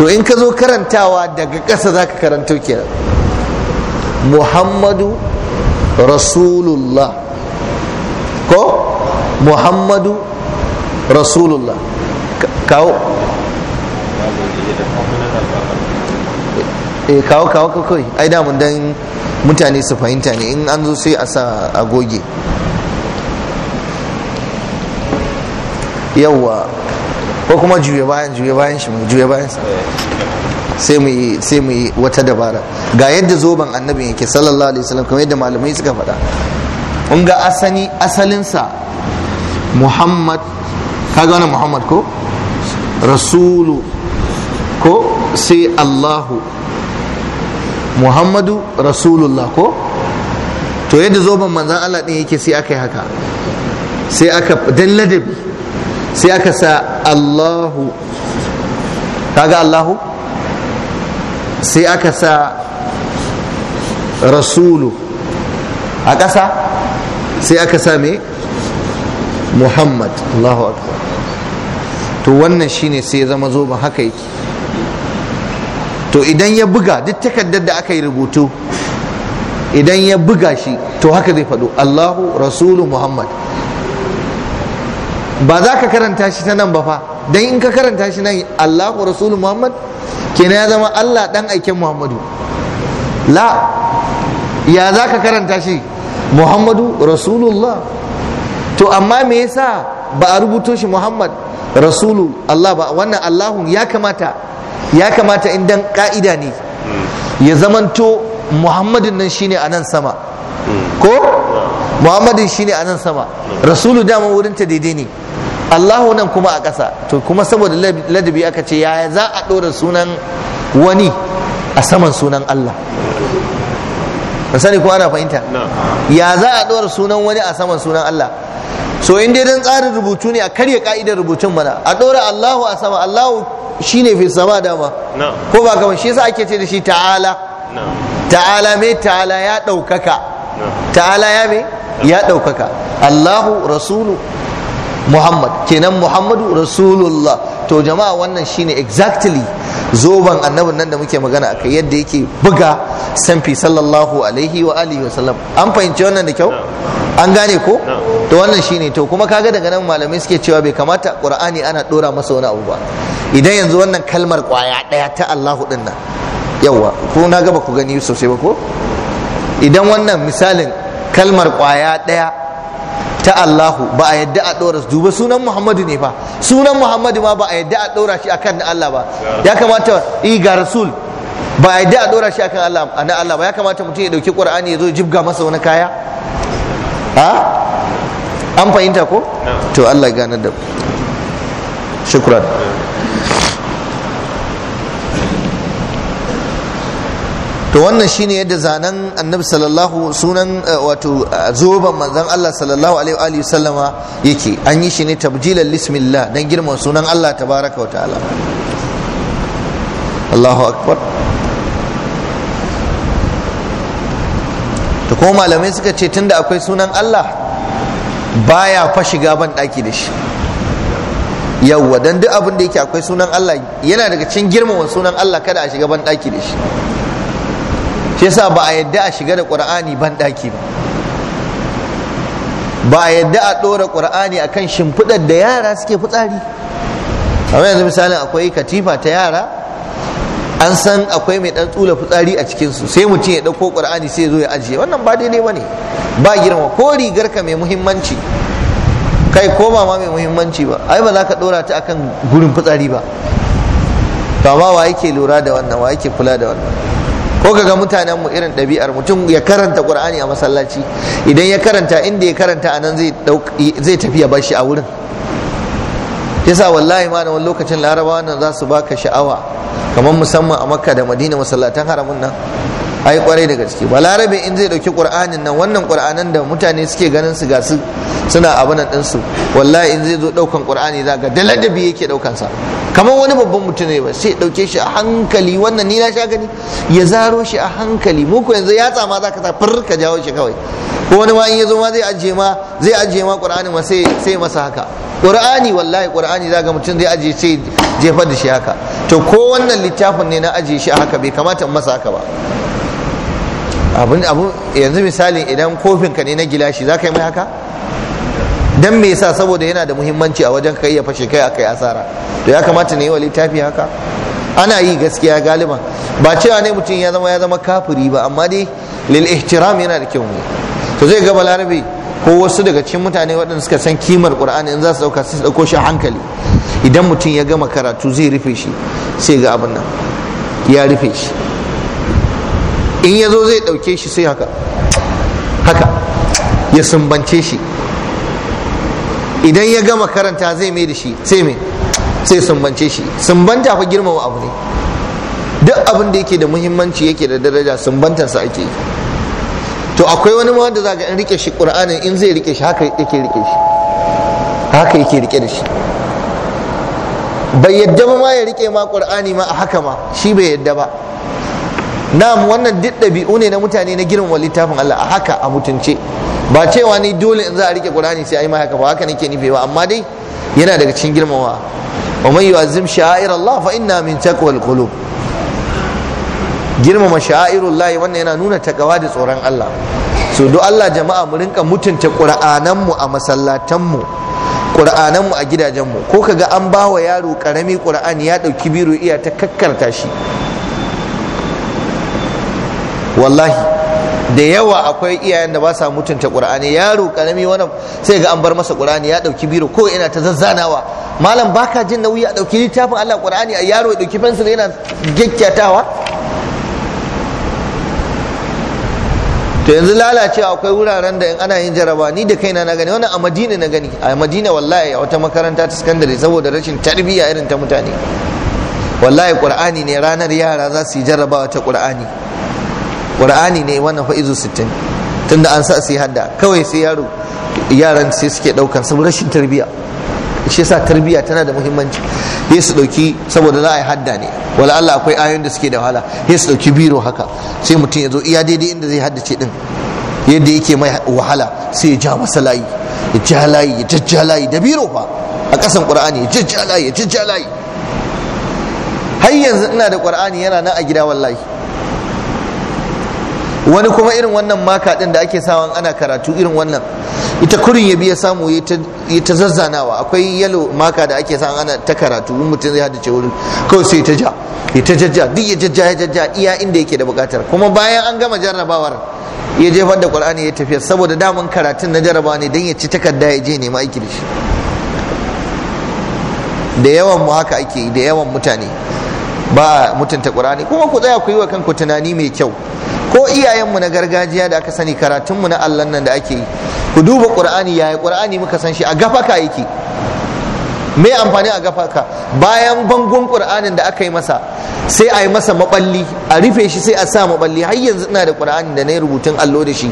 to in ka zo karantawa daga ƙasa za ka karanta kenan muhammadu rasulullah ko muhammadu rasulullah kawo e kawo kawo kawai ai damun don mutane su fahimta ne in an zo sai a sa agoge yawwa ko kuma juya bayan juya bayan shi mu juya bayan sai mu yi sai mu yi wata dabara ga yadda zoben annabin yake sallallahu alaihi wasallam kamar yadda malamai suka faɗa kun ga asani asalin sa Muhammad kaga wannan Muhammad ko rasulu ko sai Allahu Muhammadu rasulullah ko to yadda zoben manzan Allah ɗin yake sai aka yi haka sai aka dan ladabi sai aka sa Allahu kaga Allahu sai aka sa rasulu a ƙasa sai aka sa me Muhammad Allahu akbar to wannan shine sai zama zama ba haka yake to idan ya buga duk takardar da aka yi rubutu idan ya buga shi to haka zai faɗo Allahu rasulu Muhammad ba za ka karanta shi ta nan ba fa dan in ka karanta shi nan Allahu Rasulu Muhammad kenan ya zama Allah dan aikin Muhammadu la ya za ka karanta shi Muhammadu Rasulullah to amma me yasa ba a rubuto shi Muhammad Rasulu Allah ba wannan Allahun ya kamata ya kamata in dan ka'ida ne hmm. ya zamanto Muhammadin nan shine a nan sama hmm. ko muhammadu shine a nan sama rasulu dama wurin ta daidai ne allahu nan kuma a ƙasa to kuma saboda ladabi aka ce yaya za a ɗora sunan wani a saman sunan allah sani ko ana fahimta ya za a ɗora sunan wani a saman sunan Allah so in dai dan tsarin rubutu ne a karya ka'idar rubutun mana a ɗora Allahu a sama Allahu shine fi sama dama ko ba kamar shi yasa ake ce da shi ta'ala ta'ala me ta'ala ya ɗaukaka ta'ala ya me ya ɗaukaka Allahu rasulu Muhammad kenan Muhammadu Rasulullah to jama'a wannan shine exactly zoban annabin nan da muke magana akai yadda yake buga sanfi sallallahu alaihi wa alihi wasallam an fahimci wannan da kyau an gane ko to wannan shine to kuma kaga daga nan malamai suke cewa bai kamata Qur'ani ana dora masa wani abu ba idan yanzu wannan kalmar kwaya daya ta Allahu dinna yawa ko na gaba ku gani sosai ba ko idan wannan misalin kalmar kwaya ɗaya ta Allahu ba a yadda a ɗora su duba sunan Muhammadu ne fa sunan Muhammadu ma ba a yadda a ɗora shi akan na Allah ba ya kamata i ga rasul ba a yadda a ɗora shi akan Allah na Allah ba ya kamata mutum ya ɗauki Qur'ani ya zo jibga masa wani kaya a an fahimta ko to Allah ya gane da shukran to wannan shine yadda zanen annabi sallallahu sunan eh, wato eh, zoban manzon Allah sallallahu alaihi wa sallama yake an yi shi ne tabjilal lismillah dan girman sunan Allah tabaraka wa ta'ala Allahu akbar to ko malamai suka ce tunda akwai sunan Allah baya fa shiga ban daki da shi yawwa dan duk abin da yake akwai sunan Allah yana daga cikin girmama sunan Allah kada a shiga ban daki da shi shi yasa ba a yadda a shiga da qur'ani ban daki ba ba a yadda a dora qur'ani akan shimfidar da yara suke fitsari amma yanzu misalin akwai katifa ta yara an san akwai mai dan tsula fitsari a cikin su sai mutum ya dauko qur'ani sai zo ya ajiye wannan ba daidai bane ba girma ko rigar ka mai muhimmanci kai ko ba ma mai muhimmanci ba ai ba za ka dora ta akan gurin fitsari ba to amma wa yake lura da wannan wa yake kula da wannan ko ga mutanen mu irin ɗabi'ar mutum ya karanta qur'ani a masallaci idan ya karanta inda ya karanta anan zai tafi ya bashi a wurin yasa wallahi ma wani lokacin larabawa nan za su baka sha'awa kamar musamman a makka da madina masallatan haramun nan ai kwarai da gaske larabe in zai dauki qur'anin nan wannan qur'anan da mutane suke ganin su ga su suna abin nan din su wallahi in zai zo daukan qur'ani za ga daladabi yake daukan sa kamar wani babban mutum ne ba sai dauke shi a hankali wannan ni na sha gani ya zaro shi a hankali mu ko yanzu ya tsama za ta fur ka jawo shi kawai ko wani ma in ya zo ma zai ajiye ma zai ajiye ma qur'anin ma sai sai masa haka qur'ani wallahi qur'ani za ga mutum zai ajiye sai jefar da shi haka to ko wannan littafin ne na ajiye shi haka bai kamata in masa haka ba abu yanzu misali idan kofin ka ne na gilashi za ka yi mai haka dan me yasa saboda yana da muhimmanci a wajen ka iya fashe kai akai asara to ya kamata ne wa littafi haka ana yi gaskiya galiban ba cewa ne mutum ya zama ya zama kafiri ba amma dai lil ihtiram yana da kyau to zai ga larabe ko wasu daga cikin mutane waɗanda suka san kimar qur'ani in za su dauka su dauko shi a hankali idan mutum ya gama karatu zai rufe shi sai ga abin nan ya rufe shi in ya zo zai ɗauke shi sai haka haka ya sumbance shi idan ya gama karanta zai mai da shi sai mai sai sumbance shi sumbanta fa girmama abu ne duk abin da yake da muhimmanci yake da daraja sumbantarsa ake yi to akwai wani ma wanda zaga in rike shi qur'anin in zai rike shi haka yake rike shi haka yake rike da shi bai yadda ba ma ya rike ma qur'ani ma a haka ma shi bai yadda ba na'am wannan duk ɗabi'u ne na mutane na girmama littafin Allah a haka a mutunce ba cewa ni dole in za a rike Qur'ani sai ai ma haka ba haka nake nufi ba amma dai yana daga cikin girmamawa wa man yu'azzim sha'air Allah fa inna min taqwal qulub girmama sha'airullahi wannan yana nuna takawa da tsoron Allah so do Allah jama'a mu rinka mutunta Qur'anan mu a masallatan mu a gidajen mu ko ga an ba wa yaro karami Qur'ani ya ɗauki biro iya ta kakkarta shi wallahi da yawa akwai iyayen da ba sa mutunta qur'ani yaro karami wani sai ga an bar masa qur'ani ya dauki biro ko ina ta zazzanawa malam baka jin nauyi a dauki littafin Allah qur'ani a yaro ya dauki fensir yana gekkyatawa to yanzu lalacewa akwai wuraren da ana yin jaraba ni da kaina na gani wani a madina na gani a madina wallahi a wata makaranta ta sakandare saboda rashin tarbiyya irin ta mutane wallahi qur'ani ne ranar yara za su yi jarabawa ta qur'ani qur'ani ne wannan fa izu tunda an sa su hadda kawai sai yaro yaran sai suke daukan saboda rashin tarbiyya shi yasa tarbiyya tana da muhimmanci sai su dauki saboda za a yi hadda ne wala Allah akwai ayoyin da suke da wahala sai su dauki biro haka sai mutum ya zo iya daidai inda zai haddace din yadda yake mai wahala sai ya ja masa layi ya ja layi ya jajja layi da biro fa a ƙasan qur'ani ya jajja layi ya jajja layi har yanzu ina da qur'ani yana nan a gida wallahi wani kuma irin wannan maka din da ake sawa ana karatu irin wannan ita kurin ya biya samu ya ta zazzanawa akwai yalo maka da ake sawa ana ta karatu in mutum zai haddace wurin kawai sai ta ja ya ta jajja duk ya jajja ya jajja iya inda yake da bukatar kuma bayan an gama jarrabawar ya jefar da qur'ani ya tafiya saboda daman karatun na jarraba ne dan ya ci takarda ya je nema aiki da shi da yawan mu haka ake da yawan mutane ba mutunta qur'ani kuma ku tsaya ku yi wa kanku tunani mai kyau ko iyayenmu na gargajiya da aka sani karatunmu na Allah nan da ake yi ku duba qur'ani yaya qur'ani muka san shi a gafaka yake mai amfani a gafaka bayan bangon qur'anin da aka yi masa sai a yi masa maballi a rufe shi sai a sa maballi har yanzu ina da qur'ani da na yi rubutun allo da shi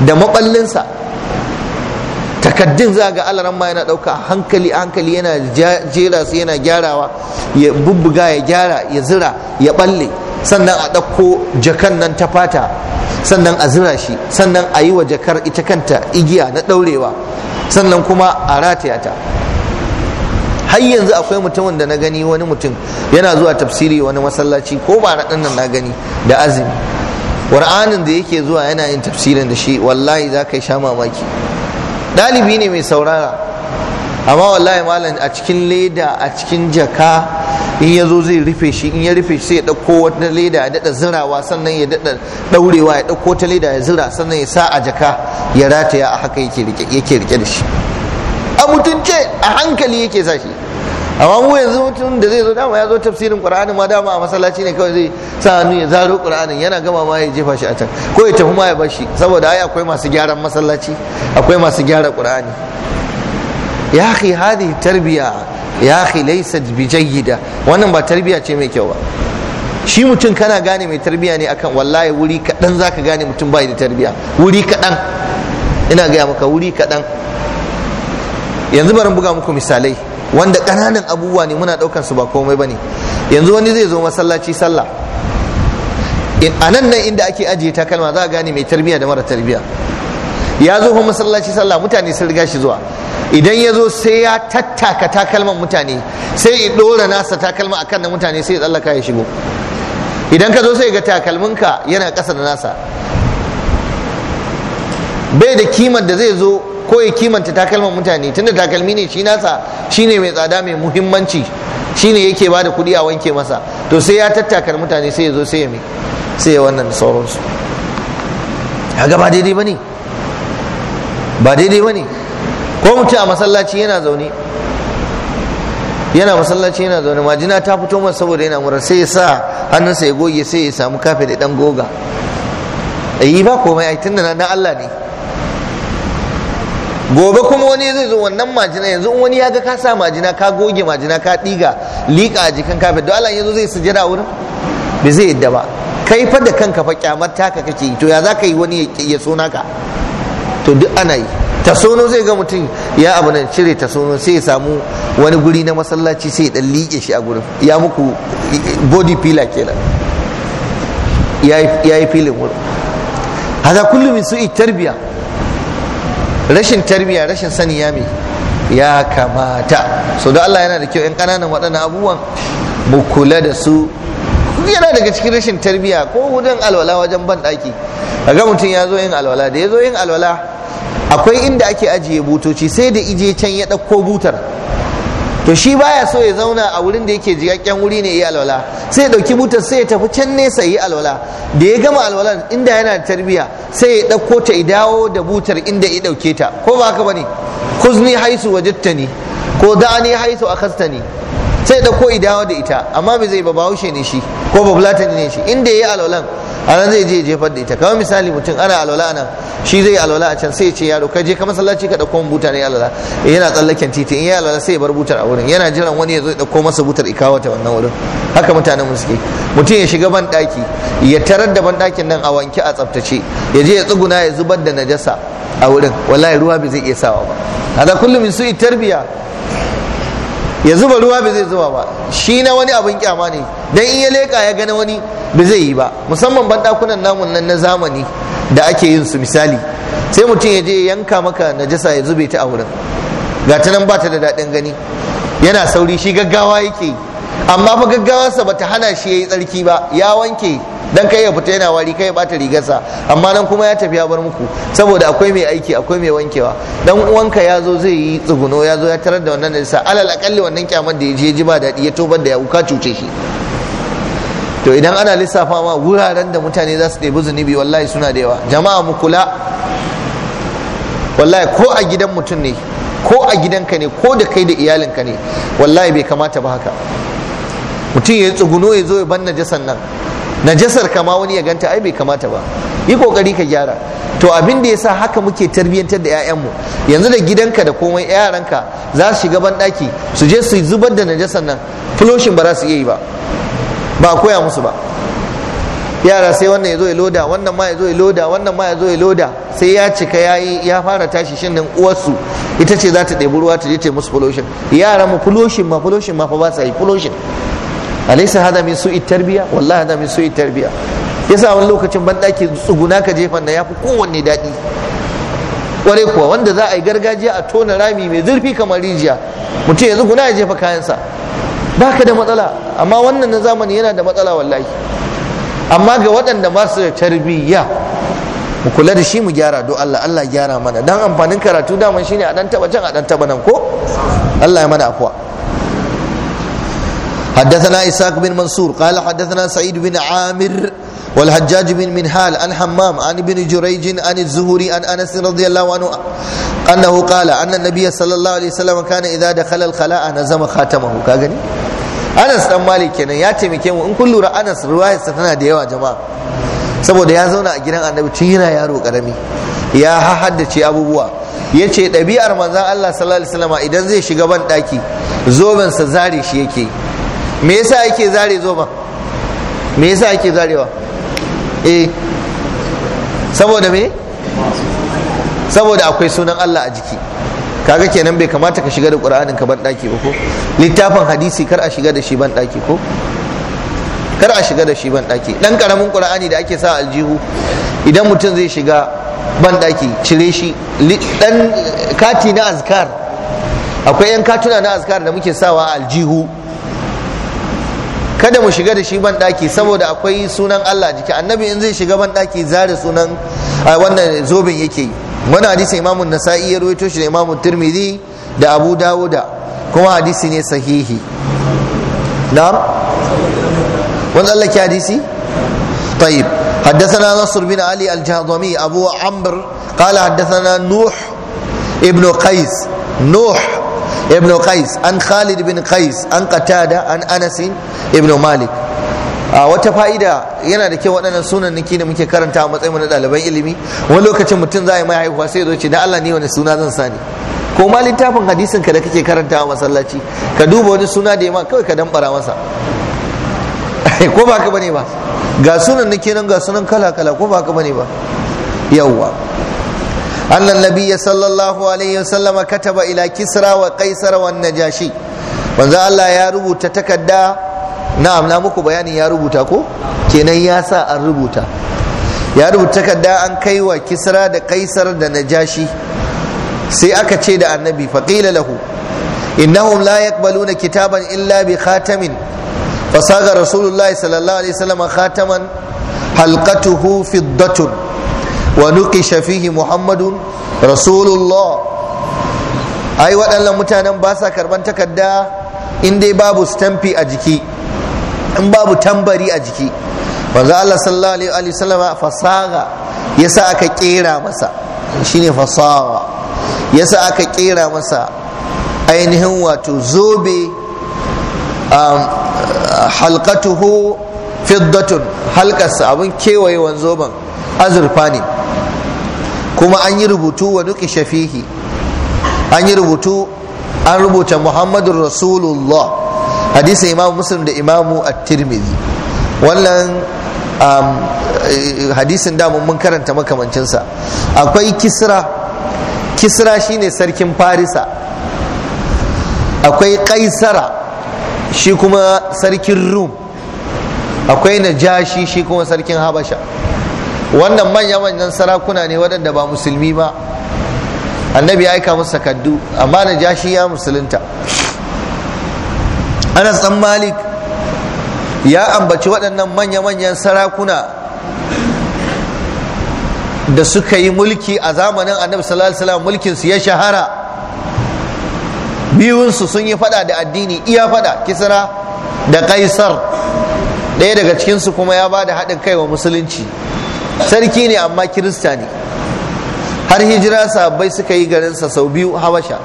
da maballinsa takaddin za ga alaran ma yana ɗauka hankali hankali yana jera su yana gyarawa ya bubbuga ya gyara ya zira ya balle sannan a ɗauko jakan nan ta fata sannan a zira shi sannan a yi wa jakar ita kanta igiya na ɗaurewa sannan kuma a rataya ta har yanzu akwai mutumin da na gani wani mutum yana zuwa tafsiri wani masallaci ko ba na ɗan na gani da azumi ƙur'anin da yake zuwa yana yin tafsirin da shi wallahi za ka sha mamaki ɗalibi ne mai saurara amma wallahi malam a cikin leda a cikin jaka in ya zo zai rufe shi in ya rufe shi sai ya ɗauko wata leda ya daɗa zirawa sannan ya daɗa ɗaurewa ya ɗauko ta leda ya zira sannan ya sa a jaka ya rataya a haka yake rike da shi a mutunce a hankali yake sa shi amma mu yanzu mutum da zai zo dama ya zo tafsirin qur'ani ma dama a masallaci ne kawai zai sa hannu ya zaro qur'anin yana gama ma ya jefa shi a can ko ya tafi ma ya bar shi saboda ai akwai masu gyaran masallaci akwai masu gyara qur'ani ya akhi hadhihi tarbiya ya akhi laysat bijayyida wannan ba tarbiya ce mai kyau ba shi mutum kana gane mai tarbiya ne akan wallahi wuri kaɗan za ka gane mutum bai da tarbiya wuri kaɗan ina gaya maka wuri kaɗan yanzu bari buga muku misalai wanda ƙananan abubuwa ne muna ɗaukan su ba komai ba ne yanzu wani zai zo masallaci sallah a nan nan inda ake ajiye takalma za a gane mai tarbiya da mara tarbiya ya zo masallaci sallah mutane sun riga shi zuwa idan ya zo sai ya tattaka takalman mutane sai ya ɗora nasa takalma akan na mutane sai ya tsallaka ya shigo idan ka zo sai ga takalminka yana ƙasa da nasa bai da kimar da zai zo ko ya kimanta takalman mutane tunda takalmi ne shi nasa shine mai tsada mai muhimmanci shine yake ba da kuɗi a wanke masa to sai ya tattakar mutane sai ya zo sai ya mai sai ya wannan sauransu ya gaba daidai ba ne ba daidai ba ne ko mutum a masallaci yana zaune yana masallaci yana zaune majina ta fito masa saboda yana mura sai ya sa hannunsa ya goge sai ya samu kafe da dan goga yi ba komai ai tunda na Allah ne gobe kuma wani zai zo wannan majina yanzu in wani ya ga ka sa majina ka goge majina ka diga liƙa a jikin kafe don Allah yanzu zai sujada wurin bai zai yadda ba kai fa da kanka fa kyamar taka kake to ya za ka yi wani ya so naka to duk ana yi sono zai ga mutum ya abu nan cire sono sai ya samu wani guri na masallaci sai ya dan liƙe shi a gurin ya muku body pila kenan ya yi filin wurin haza kullum su yi tarbiya rashin tarbiya rashin sani ya mai ya kamata so da Allah yana da kyau 'yan ƙananan waɗannan abubuwan mu kula da su yana daga cikin rashin tarbiya ko wajen alwala wajen ban ɗaki ga mutum ya zo yin alwala da ya zo yin alwala akwai inda ake ajiye butoci sai da ije can ya ɗauko butar to shi baya so ya zauna a wurin da yake jiƙaƙƙen wuri ne ya alwala sai ya ɗauki butar sai ya tafi can nesa yi alwala da ya gama alwalan inda yana da tarbiya sai ya ɗauko ta ya dawo da butar inda ya ɗauke ta ko ba haka bane kuzni haisu ne, ko da'ani haisu akastani sai da ko idawa da ita amma bai zai ba bahaushe ne shi ko ba fulatani ne shi inda yayi alwalan a nan zai je jefar da ita kamar misali mutum ana alwala nan shi zai alwala a can sai ce yaro ka je ka masallaci ka dauko buta ne alwala eh, yana tsallaken titi in ya alwala sai ya bar butar a wurin yana jiran wani ya zo ya dauko masa butar ikawa ta wannan wurin haka mutanen mu suke mutum ya shiga ban daki ya tarar da ban dakin nan a wanke a tsaftace ya je ya tsuguna ya zubar da najasa a wurin wallahi ruwa bai zai iya sawa ba hada kullum su su'i tarbiya ya zuba ruwa ba zai zuba ba shi na wani abin kyama ne dan in ya leka ya gani wani ba zai yi ba musamman bandakunan namun nan na zamani da ake yin su misali sai mutum ya je yanka maka najasa ya zube ta a wurin ga ta nan ba ta da daɗin gani yana sauri shi gaggawa yake amma fa gaggawarsa ta hana shi ya yi tsarki ba ya wanke dan kai ya fita yana wari kai ya bata rigarsa amma nan kuma ya tafi ya bar muku saboda akwai mai aiki akwai mai wankewa dan uwanka ya zo zai yi tsuguno ya zo ya tarar da wannan nisa alal akalli wannan kyamar da ya je ji ba daɗi ya tobar da ya uka cuce shi to idan ana lissafa ma wuraren da mutane za su ɗebi zunubi wallahi suna da yawa jama'a mu kula wallahi ko a gidan mutum ne ko a gidanka ne ko da kai da iyalinka ne wallahi bai kamata ba haka mutum ya yi tsuguno ya zo ya banna najasan nan najasar kama wani ya ganta ai bai kamata ba yi kokari ka gyara to abin da yasa haka muke tarbiyyantar da 'ya'yanmu yanzu da gidanka da komai yaranka za su shiga banɗaki su je su zubar da najasar nan fuloshin ba za su iya yi ba ba koya musu ba yara sai wannan ya zo ya loda wannan ma ya zo ya loda wannan ma ya zo ya loda sai ya cika ya yi ya fara tashi shin nan uwarsu ita ce za ta ɗebi ruwa ta je ta musu fuloshin yaran mu ma fuloshin ma fa ba sa yi fuloshin alaysa hada min su'i tarbiya wallahi hada min su'i tarbiya yasa wani lokacin ban daki tsuguna ka jefan da yafi kowanne daɗi kwarai kuwa wanda za ayi gargajiya a tona rami mai zurfi kamar rijiya mutum ya tsuguna ya jefa kayansa baka da matsala amma wannan na zamani yana da matsala wallahi amma ga waɗanda ba su da tarbiyya mu kula da shi mu gyara do Allah Allah gyara mana dan amfanin karatu daman shine a dan taba can a dan taba nan ko Allah ya mana afuwa حدثنا إسحاق بن منصور قال حدثنا سعيد بن عامر والحجاج بن منهال عن حمام عن ابن جريج عن الزهري عن أنس رضي الله عنه أنه قال أن النبي صلى الله عليه وسلم كان إذا دخل الخلاء نزم خاتمه كاغني Anas dan Malik kenan ya taimake mu in kun lura Anas riwayar sa tana da yawa jama'a saboda ya zauna a gidan Annabi tun yana yaro karami ya haddace abubuwa ce ɗabi'ar manzan Allah sallallahu alaihi wasallam idan zai shiga ban zoben sa zare shi yake me yasa yake zare zoba me yasa yake zarewa eh saboda me saboda akwai sunan Allah a jiki kaga kenan bai kamata ka shiga da qur'anin ka ban daki ko littafin hadisi kar a shiga da shi ban daki ko kar a shiga da shi ban daki dan karamin qur'ani da ake sa aljihu idan mutum zai shiga ban daki cire shi dan kati na azkar akwai yan katuna na azkar da muke sawa aljihu kada mu shiga da shi ban daki saboda akwai sunan Allah jiki annabi in zai shiga ban daki zare sunan wannan zobin yake yi wannan hadisi imamu nasa'i ya rawaito shi da imamu tirmidhi da abu dawuda kuma hadisi ne sahihi na'am wanda Allah ke hadisi طيب حدثنا نصر بن علي الجهضمي أبو عمرو قال حدثنا نوح ابن قيس نوح Ibnu qais an khalid bin qais an qatada an Anasin ibnu malik a wata fa'ida yana da kyau waɗannan sunan niki da muke karanta a matsayin na ɗaliban ilimi wani lokacin mutum za a yi mai haihuwa sai zo ce da Allah ne wani suna zan sani ko ma littafin hadisin ka da kake karanta a masallaci ka duba wani suna da ma kawai ka dambara masa *laughs* ko ba ka bane ba ga sunan niki nan ga sunan kala kala ko ba ka bane ba yawwa أن النبي صلى الله عليه وسلم كتب إلى كسرى وقيصر والنجاشي من ذا الله يا ربو تتكدى نعم لا مكو بياني يا ربو تاكو كينا ياسا الربو تا يا ربو تتكدى أن كيوا كسرى دا قيصر دا نجاشي سي أكا تشيدا النبي فقيل له إنهم لا يقبلون كتابا إلا بخاتم فصاغ رسول الله صلى الله عليه وسلم خاتما حلقته فضة ونقش فيه محمد رسول الله ai waɗannan mutanen basa sa karban takarda in dai babu stamfi a jiki in babu tambari a jiki manzo Allah sallallahu alaihi wasallama fasaha yasa aka kera masa shine fasaha yasa aka kera masa ainihin wato zobe um, halkatuhu fiddatun halkarsa abin kewayewan zoben azurfa kuma an yi rubutu wa duki shafihi an yi rubutu an rubuta Muhammadu rasulullah hadisin imamu muslim da imamu at-tirmidhi wannan um, eh, hadisin damun mun karanta makamancinsa akwai kisra kisra shine sarkin farisa akwai kaisara shi kuma sarkin rum akwai najashi shi kuma sarkin habasha wannan manya-manyan sarakuna ne waɗanda ba musulmi ba annabi ya aika musu takaddu amma na jashi ya musulunta anas dan malik ya ambaci waɗannan manya-manyan sarakuna da suka yi mulki a zamanin annabi sallallahu alaihi wasallam mulkin su ya shahara su sun yi fada da addini iya fada kisra da kaisar ɗaya daga cikinsu kuma ya ba da haɗin kai wa musulunci sarki ne amma kirista ne har hijira sabbai suka yi garinsa sau biyu habasha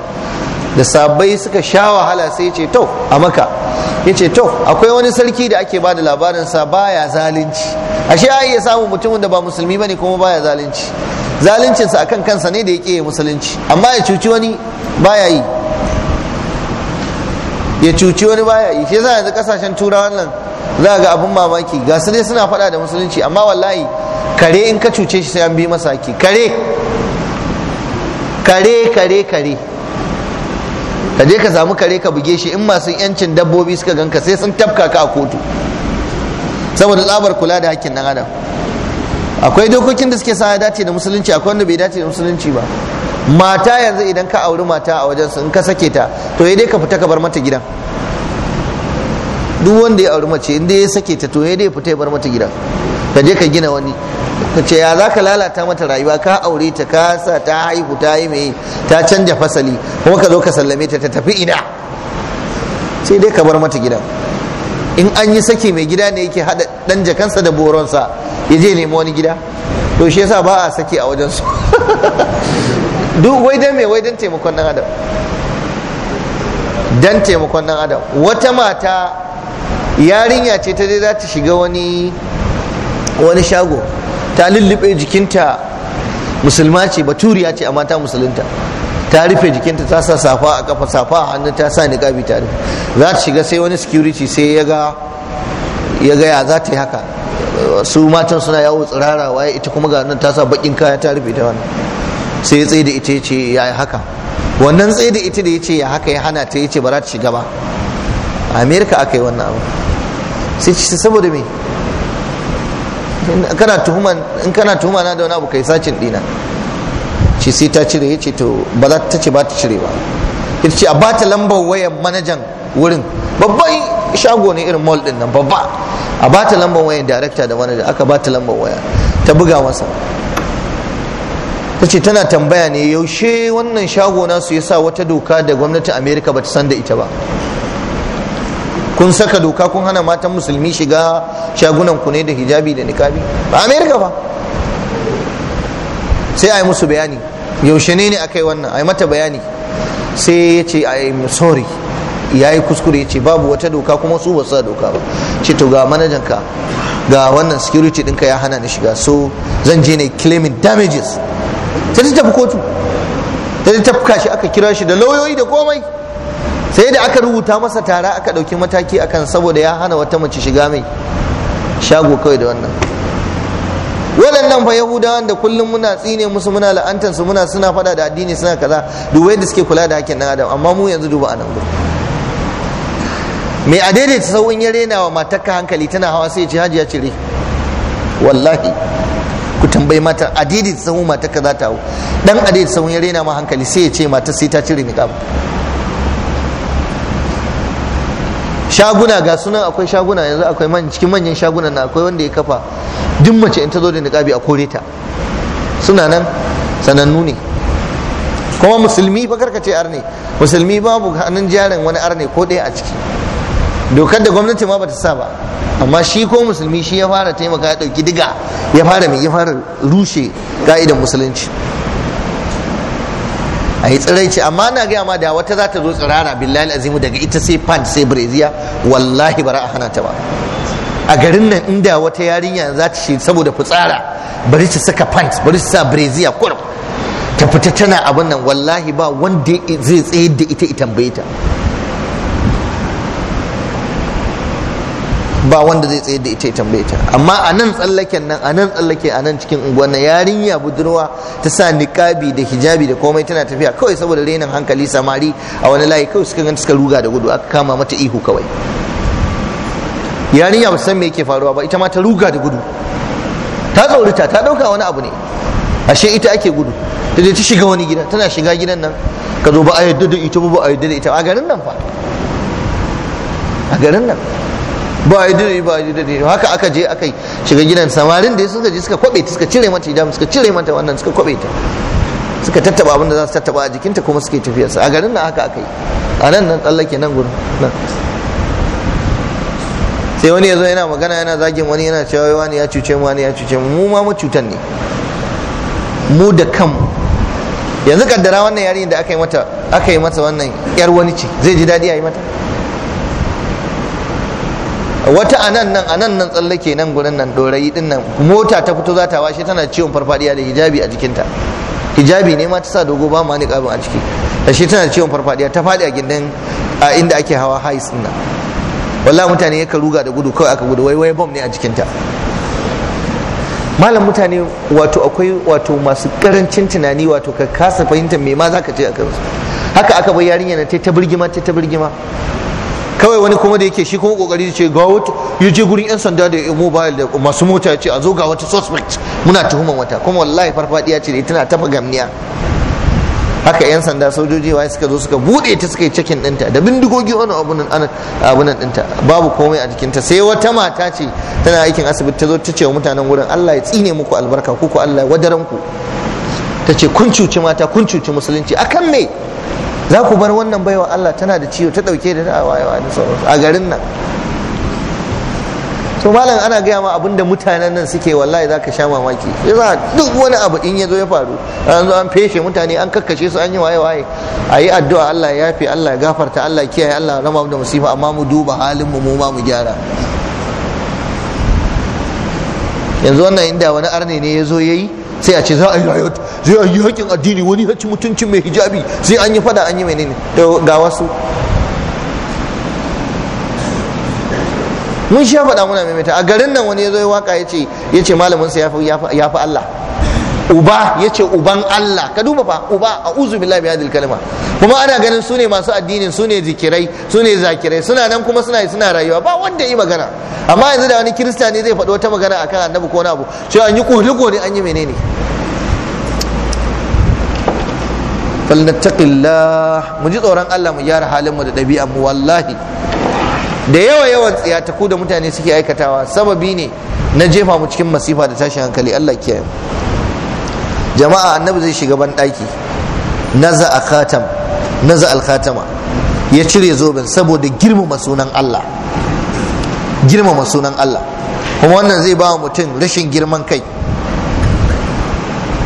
da sabbai suka sha wahala sai ce to a maka ya ce to akwai wani sarki da ake bada sa baya zalunci ashe a iya samun mutumin da ba musulmi bane kuma baya zalunci zaluncinsa akan kansa ne da ya musulunci amma ya cuci wani baya yi ya cuci wani baya yi shi yasa yanzu kasashen turawan nan za ga abin mamaki ga su ne suna faɗa da musulunci amma wallahi kare in ka cuce shi sai an bi masa ake kare kare kare kare ka je ka samu kare ka buge shi in masu yancin dabbobi suka ganka sai sun tafka ka a kotu saboda tsabar kula da hakkin dan adam akwai dokokin da suke sa ya dace da musulunci akwai wanda bai dace da musulunci ba mata yanzu idan ka auri mata a wajen su in ka sake ta to ya dai ka fita ka bar mata gidan duk wanda ya auri mace in dai ya sake ta to ya dai fita ya bar mata gidan ka je ka gina wani ka ce ya za ka lalata mata rayuwa ka aure ta ka sa ta haihu ta yi mai ta canja fasali kuma ka zo ka sallame ta ta tafi ina sai dai ka bar mata gida. in an yi saki mai gida ne yake hada dan jakansa da boronsa ya je nemi wani gida to shi yasa ba a saki a wajen su *laughs* duk wai dan mai wai dan taimakon dan adam dan taimakon dan adam wata mata yarinya ce ta dai za ta shiga wani wani shago ta lullube jikinta musulma ce baturiya ce amma ta musulunta ta rufe jikinta ta sa safa a kafa safa a hannu ta sa niqabi ta rufe za ta shiga sai wani security sai ya ga ya ga ya za ta yi haka su matan suna yawo tsirara waye ita kuma ga nan ta sa bakin kaya ta rufe ta wannan sai ya tsaye da ita ce ya yi haka wannan tsaye da ita da ya ce ya haka ya hana ta ya ce ba za ta shiga ba a amerika aka yi wannan abu sai ce saboda me kana tuhuma in kana tuhuma na da wani abu kai sacin dina shi sai ta cire ya ce to ba za ta ce ba ta cire ba ita ce a ba ta lambar wayar manajan wurin babban shago ne irin mall din nan babba a ba ta lambar wayar director da manajan aka ba ta lambar waya ta buga masa ta ce tana tambaya ne yaushe wannan shago nasu ya sa wata doka da gwamnatin america ba ta san da ita ba kun saka doka kun hana matan musulmi shiga shagunan ku ne da hijabi da nikabi a amerika ba. sai a yi musu bayani yaushe ne ne aka yi wannan a yi mata bayani sai ya ce a sorry ya yi kuskure ya ce babu wata doka kuma su basu doka ba ce to ga manajanka ga wannan security ɗinka ya hana ni shiga so zan je ne claiming damages ta tafi kotu ta tafka shi aka kira shi da lauyoyi da komai sai da aka rubuta masa tara aka ɗauki mataki akan saboda ya hana wata mace shiga mai shago kawai da wannan waɗannan fa yahudawan da kullum muna tsine musu muna la'antar su muna suna faɗa da addini suna kaza dubai da suke kula da hakkin ɗan adam amma mu yanzu duba a nan mai a daidaita sau'in ya rena wa matarka hankali tana hawa sai ce hajiya cire wallahi ku tambayi mata adede ta sau'in matarka za ta hau dan a daidaita sau'in ya rena ma hankali sai ya ce mata sai ta cire niqab shaguna ga sunan akwai shaguna yanzu akwai man cikin manyan shaguna na akwai wanda ya kafa duk mace in ta zo da niqabi a kore ta suna nan sanannu ne kuma musulmi fa ce arne musulmi babu hannun jarin wani arne ko ɗaya a ciki dokar da gwamnati ma bata sa ba amma shi ko musulmi shi ya fara taimaka ya ɗauki diga ya fara mai ya fara rushe ka'idan musulunci a yi tsiraici amma na gaya ma da wata za ta zo tsirara billahi azimu daga ita sai pant sai breziya wallahi bara a hana ta ba a garin nan inda wata yarinya za ta shi saboda fitsara bari ta saka pant bari ta sa breziya kurum ta fita tana abin nan wallahi ba wanda zai tsayar da ita ita tambaye ta ba wanda zai tsaye da ita ya tambaye ta amma a nan tsallaken nan a nan tsallake a nan cikin unguwar na yarinya budurwa ta sa niqabi da hijabi da komai tana tafiya kawai saboda renin hankali samari a wani layi kawai suka ganta suka ruga da gudu aka kama mata ihu kawai yarinya ba san me yake faruwa ba ita ma ta ruga da gudu ta tsaurita ta dauka wani abu ne ashe ita ake gudu da ta shiga wani gida tana shiga gidan nan ka zo ba a yadda da ita ba ba a yadda da ita a garin nan fa a garin nan ba yi dare ba yi dare haka aka je aka shiga gidan samarin da suka je suka kwabe ta suka cire mata hijab suka cire mata wannan suka kwabe ta suka tattaba abin da za su tattaba a jikinta kuma suke tafiya a garin nan haka aka yi a nan nan tsallake nan gurin nan sai wani ya zo yana magana yana zagin wani yana cewa wani ya cuce mu wani ya cuce mu mu ma mu cutan ne mu da kan yanzu kaddara wannan yarinyar da aka yi mata aka yi mata wannan yar wani ce zai ji daɗi a yi mata wata anan nan anan nan tsallake nan gurin nan dorayi din nan mota ta fito za ta washe tana ciwon farfadiya da hijabi a jikinta hijabi ne ma ta sa dogo ba ma niqabin a ciki da shi tana ciwon farfadiya ta fadi a gindin a inda ake hawa hais din nan wallahi mutane ya ruga da gudu kawai aka gudu wai wai bom ne a jikinta malam mutane wato akwai wato masu karancin tunani wato ka kasa fahimtar me ma zaka ce a kansu haka aka bar yarinya na ta birgima ta birgima kawai wani kuma da yake shi kuma kokari ce ga wata ya je gurin yan sanda da mobile da masu mota ya ce a zo ga wata suspect muna tuhuman wata kuma wallahi farfadiya ce da tana tafa magamniya haka yan sanda sojoji wai suka zo suka bude ta suka yi cikin dinta da bindigogi wani abunan abunan dinta babu komai a jikinta sai wata mata ce tana aikin asibiti ta zo ta ce wa mutanen gurin Allah ya tsine muku albarka ku ku Allah ya wadaran ta ce kun cuci mata kun cuci musulunci akan me za ku bar wannan baiwa Allah tana da ciwo ta dauke da ta wayewa da a garin nan to malam ana gaya ma abin da mutanen nan suke wallahi za ka sha mamaki za duk wani abu in ya zo ya faru an zo an feshe mutane an kakkashe su an yi waye waye a yi addu'a Allah ya yafe Allah ya gafarta Allah ya kiyaye Allah rama da musifa amma mu duba halin mu mu ma mu gyara yanzu wannan inda wani arne ne ya zo ya yi sai a ce za a yi rayuwa zai a yi haƙin addini wani haƙin mutuncin mai hijabi sai an yi fada an yi menene ga wasu mun sha faɗa muna maimaita a garin nan wani ya zo ya waka ya ce ya malamin sa ya fi Allah uba ya ce uban Allah ka duba fa uba a uzu billahi bi hadhihi kalima kuma ana ganin su ne masu addinin su ne zikirai su ne zakirai suna nan kuma suna suna rayuwa ba wanda yi magana amma yanzu da wani kirista ne zai faɗi wata magana akan annabi ko abu cewa an yi kuliko ne an yi menene falnattaqillah mu ji tsoron Allah mu gyara halin mu da dabia mu wallahi da yawa yawan tsiyataku da mutane suke aikatawa sababi ne na jefa mu cikin masifa da tashin hankali Allah kiyaye mu jama'a annabi zai shiga ban daki naza a naza al ya cire zoben saboda girmama sunan Allah girmama sunan Allah kuma wannan zai ba mutum rashin girman kai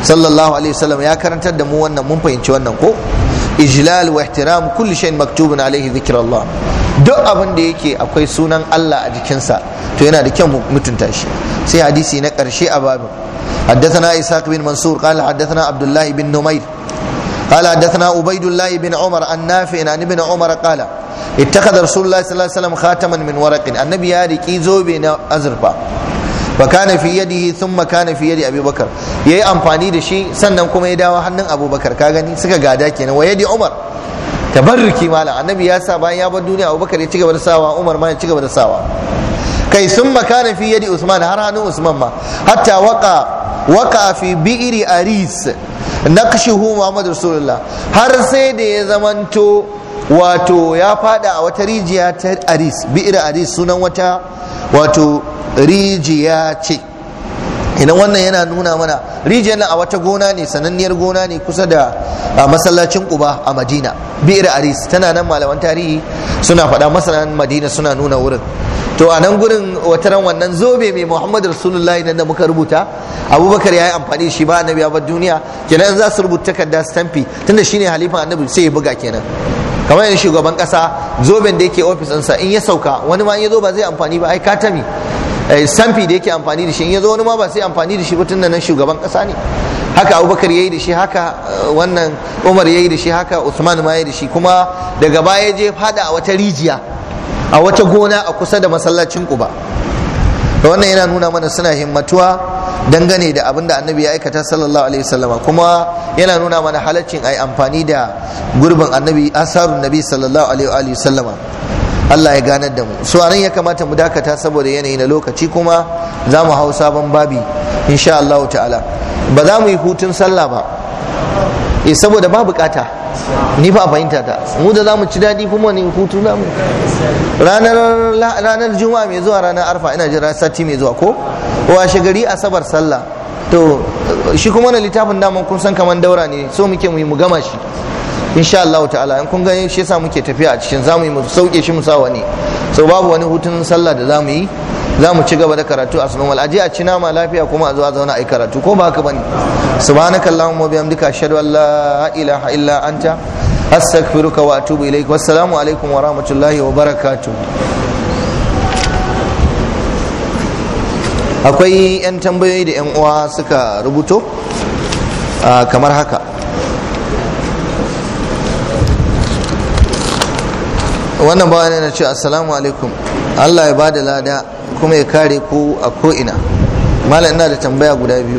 sallallahu alaihi wasallam ya karantar da mu wannan mun fahimci wannan ko ijlal wa ihtiram kulli shay'in maktubun alaihi zikrullah duk abin da yake akwai sunan Allah a jikinsa to yana da kyau mutunta shi sai hadisi na karshe a babin حدثنا إسحاق بن منصور قال حدثنا عبد الله بن نمير قال حدثنا عبيد الله بن عمر عن نافع عن ابن عمر قال اتخذ رسول الله صلى الله عليه وسلم خاتما من ورق النبي يا ركي أزرفا وكان في يده ثم كان في يد ابي بكر yayi amfani da shi sannan kuma ya dawo hannun abubakar ka gani suka gada kenan wa yadi umar tabarruki malam annabi ya sa bayan ya bar duniya abubakar ya cigaba da sawa umar ma ya cigaba da sawa kai sun makana fi yadi usman har hannun usman ma hatta waka waka fi bi'iri aris hu Muhammadu Rasulullah har sai da ya zamanto wato ya fada a wata rijiya ta aris a aris sunan wata wato rijiya ce idan wannan yana nuna mana na a wata gona ne sananniyar gona ne kusa da masallacin kuba a madina bi'ir aris tana nan malaman tarihi suna faɗa masana madina suna nuna wurin to a nan gurin wataran wannan zobe mai muhammad rasulullahi nan da muka rubuta abubakar ya yi amfani shi ba annabi ya bar duniya kenan za su rubuta takarda stamfi tunda shine halifan annabi sai ya buga kenan kamar yin shugaban kasa zoben da yake ofis ɗinsa in ya sauka wani ma in ya zo ba zai amfani ba ai katami stamfi eh, da yake amfani da shi in ya zo wani ma ba sai amfani da shi ba tunda nan shugaban kasa ne haka abubakar ya yi da shi haka eh, wannan umar ya yi da shi haka usman ma ya yi da shi kuma daga baya je fada a wata rijiya a wata gona a kusa da masallacin ku ba. wannan yana nuna mana suna himmatuwa dangane da abin da annabi ya aikata sallallahu alaihi wasallama kuma yana nuna mana halaccin ai amfani da gurbin annabi asarun nabi sallallahu alaihi wasallama Allah ya ganar da mu su anan ya kamata mu dakata saboda yanayi na lokaci kuma za mu hau sabon babi insha Allah ta'ala ba za mu yi hutun sallah ba eh saboda ba bukata ni fa fahimta ta mu da zamu ci dadi kuma ne hutu namu ranar ranar juma'a mai zuwa ranar arfa ina jira sati mai zuwa ko washe gari asabar sallah to shi kuma na littafin daman kun san kaman daura ne so muke mu gama shi insha Allah ta'ala in kun gani shi yasa muke tafiya a cikin zamu yi mu sauke shi mu sa wani so babu wani hutun sallah da zamu yi za mu ci gaba da karatu a normal aje a ci nama lafiya kuma a zo a zauna a yi karatu ko ba haka bane wa bihamdika ashhadu an la ilaha illa anta astaghfiruka wa atubu ilaik wassalamu alaikum wa rahmatullahi wa barakatuh akwai 'yan tambayoyi da 'yan uwa suka rubuto ah, kamar haka wannan bawa na ce assalamu alaikum Allah ya bada lada kuma ya kare ku a ko'ina malam ina da tambaya guda biyu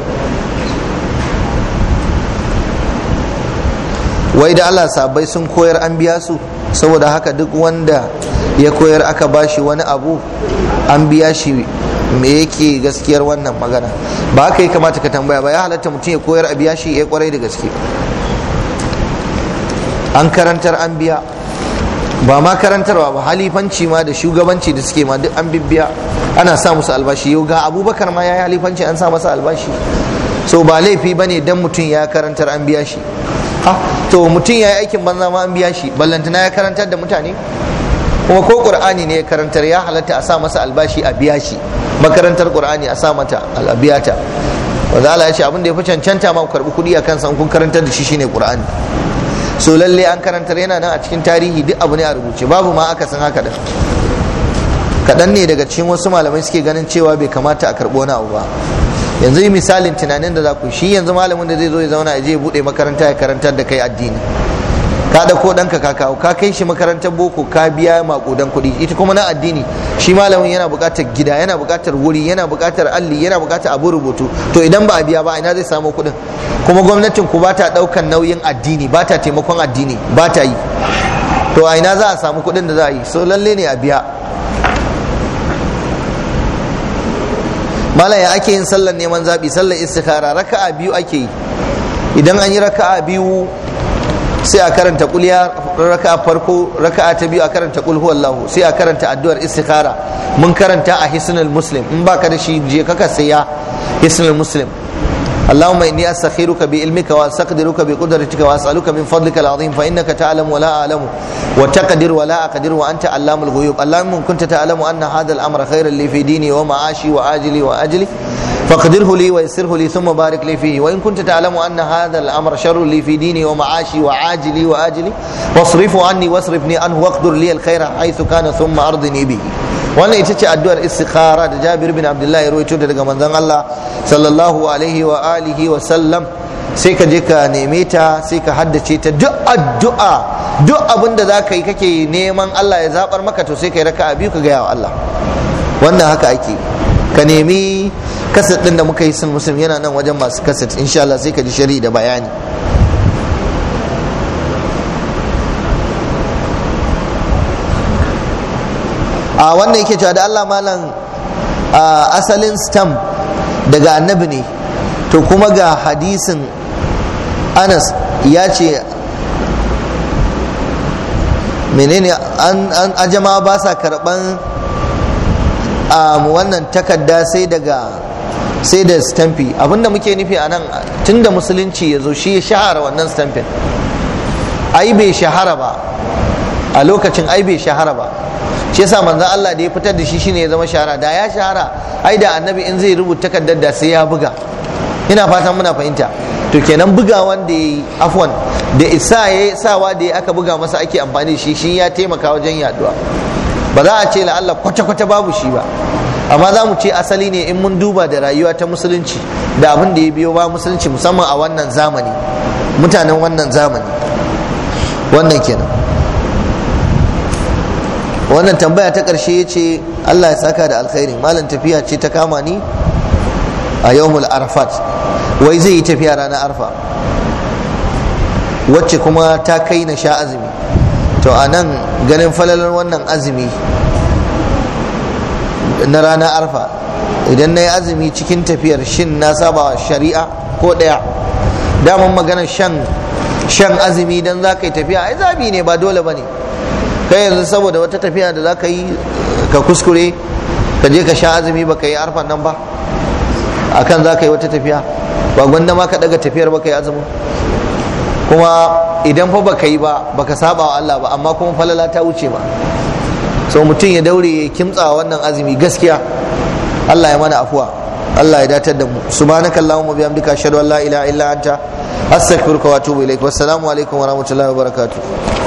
wai da Allah sabai sun koyar an biya su saboda haka duk wanda ya koyar aka bashi wani abu an biya shi me yake gaskiyar wannan magana ba haka ya kamata ka tambaya ba ya halatta mutum ya koyar a biya shi ya eh, kwarai da gaske an karantar an biya ba ma karantarwa ba halifanci ma da shugabanci da suke ma duk an bibbiya ana sa musu albashi yau ga abubakar ma ya yi halifanci an sa masa albashi so ba laifi ba ne don mutum ya karantar an biya shi to mutum ya yi aikin banza ma an biya shi ballantana ya karantar da mutane kuma ko qur'ani ne ya karantar ya halatta a sa masa albashi a biya shi makarantar qur'ani a sa mata albiyata wanda Allah ya ce abin da ya fi cancanta ma ku karbi kuɗi a kansa kun karantar da shi shine qur'ani so lalle an karanta yana nan a cikin tarihi duk abu ne a rubuce babu ma aka san haka da kaɗan ne daga cikin wasu malamai suke ganin cewa bai kamata a karɓo na abu ba yanzu yi misalin tunanin da za ku shi yanzu malamin da zai zo ya zauna ya je ya buɗe makaranta ya karantar da kai addini ka da ko danka ka kawo ka kai shi makarantar boko ka biya makudan kuɗi ita kuma na addini shi malamin yana buƙatar gida yana buƙatar wuri yana buƙatar alli yana buƙatar abu rubutu to idan ba a biya ba ina zai samu kuɗin kuma gwamnatin ku ba ta ɗaukan nauyin addini ba ta taimakon addini ba ta yi to a ina za a samu kuɗin da za a yi so lalle ne a biya malam ya ake yin sallar neman zaɓi sallar istikhara raka'a biyu ake yi idan an yi raka'a biyu sai a karanta kuliya raka farko raka ta biyu a karanta kul huwallahu sai a karanta addu'ar istikhara mun karanta a hisnul muslim in baka da shi je kaka saya hisnul muslim اللهم اني استخيرك بعلمك واستقدرك بقدرتك واسالك من فضلك العظيم فانك تعلم ولا اعلم وتقدر ولا اقدر وانت علام الغيوب اللهم كنت تعلم ان هذا الامر خير لي في ديني ومعاشي واجلي واجلي فاقدره لي ويسره لي ثم بارك لي فيه وإن كنت تعلم أن هذا الأمر شر لي في ديني ومعاشي وعاجلي وآجلي واصرفه عني واصرفني عنه واقدر لي الخير حيث كان ثم أرضني به wannan ita ce addu'ar istikhara da Jabir bin Abdullah ya rawaito daga manzon Allah sallallahu alaihi wa alihi wa sallam sai ka je ka neme ta sai ka haddace ta duk addu'a duk abin da zaka yi kake neman Allah ya zabar maka to sai kai raka biyu ka gaya wa Allah wannan haka ake ka nemi kaset din da muka yi sun muslim yana nan wajen masu kaset insha Allah sai ka ji shari'i da bayani a wannan yake cewa da Allah malam asalin stamp daga annabi ne to kuma ga hadisin anas ya ce menene an ajama ba sa karban wannan takarda sai daga sai da stamfi abinda muke nufi a nan tunda musulunci ya zo shi ya shahara wannan stamfin ai bai shahara ba a lokacin ai bai shahara ba shi yasa manzo Allah da ya fitar da shi shine ya zama shahara da ya shahara ai da annabi in zai rubuta takardar da sai ya buga ina fatan muna fahimta to kenan bugawan da yayi afwan da isa ya sawa da aka buga masa ake amfani shi shi ya taimaka wajen yaduwa ba za a ce la Allah kwata kwata babu shi ba amma za mu ce asali ne in mun duba da rayuwa ta musulunci da abin da ya biyo ba musulunci musamman a wannan zamani mutanen wannan zamani wannan kenan wannan tambaya ta ƙarshe ya ce allah ya saka da alkhairi malam tafiya ce ta kama ni a yawmul arafat wai zai yi tafiya ranar arfa wacce kuma ta kai na sha azumi to a nan ganin falalar wannan azumi na ranar arfa idan na yi azumi cikin tafiyar shin na saba shari'a ko ɗaya daman magana shan azumi don za ka yi tafiya ai zabi ne ba dole ba ne kai yanzu saboda wata tafiya da za ka yi ka kuskure ka je ka sha azumi ba ka yi arfan nan ba kan za ka yi wata tafiya ba gwanda ma ka ɗaga tafiyar ba ka yi azumin kuma idan fa ba ka yi ba ba ka saba wa Allah ba amma kuma falala ta wuce ba sau mutum ya daure ya kimtsa wannan azumi gaskiya Allah ya mana afuwa Allah ya datar da mu subhanaka allahumma bihamdika ashhadu an la ilaha illa anta astaghfiruka wa atubu ilaik wassalamu alaikum wa rahmatullahi wa barakatuh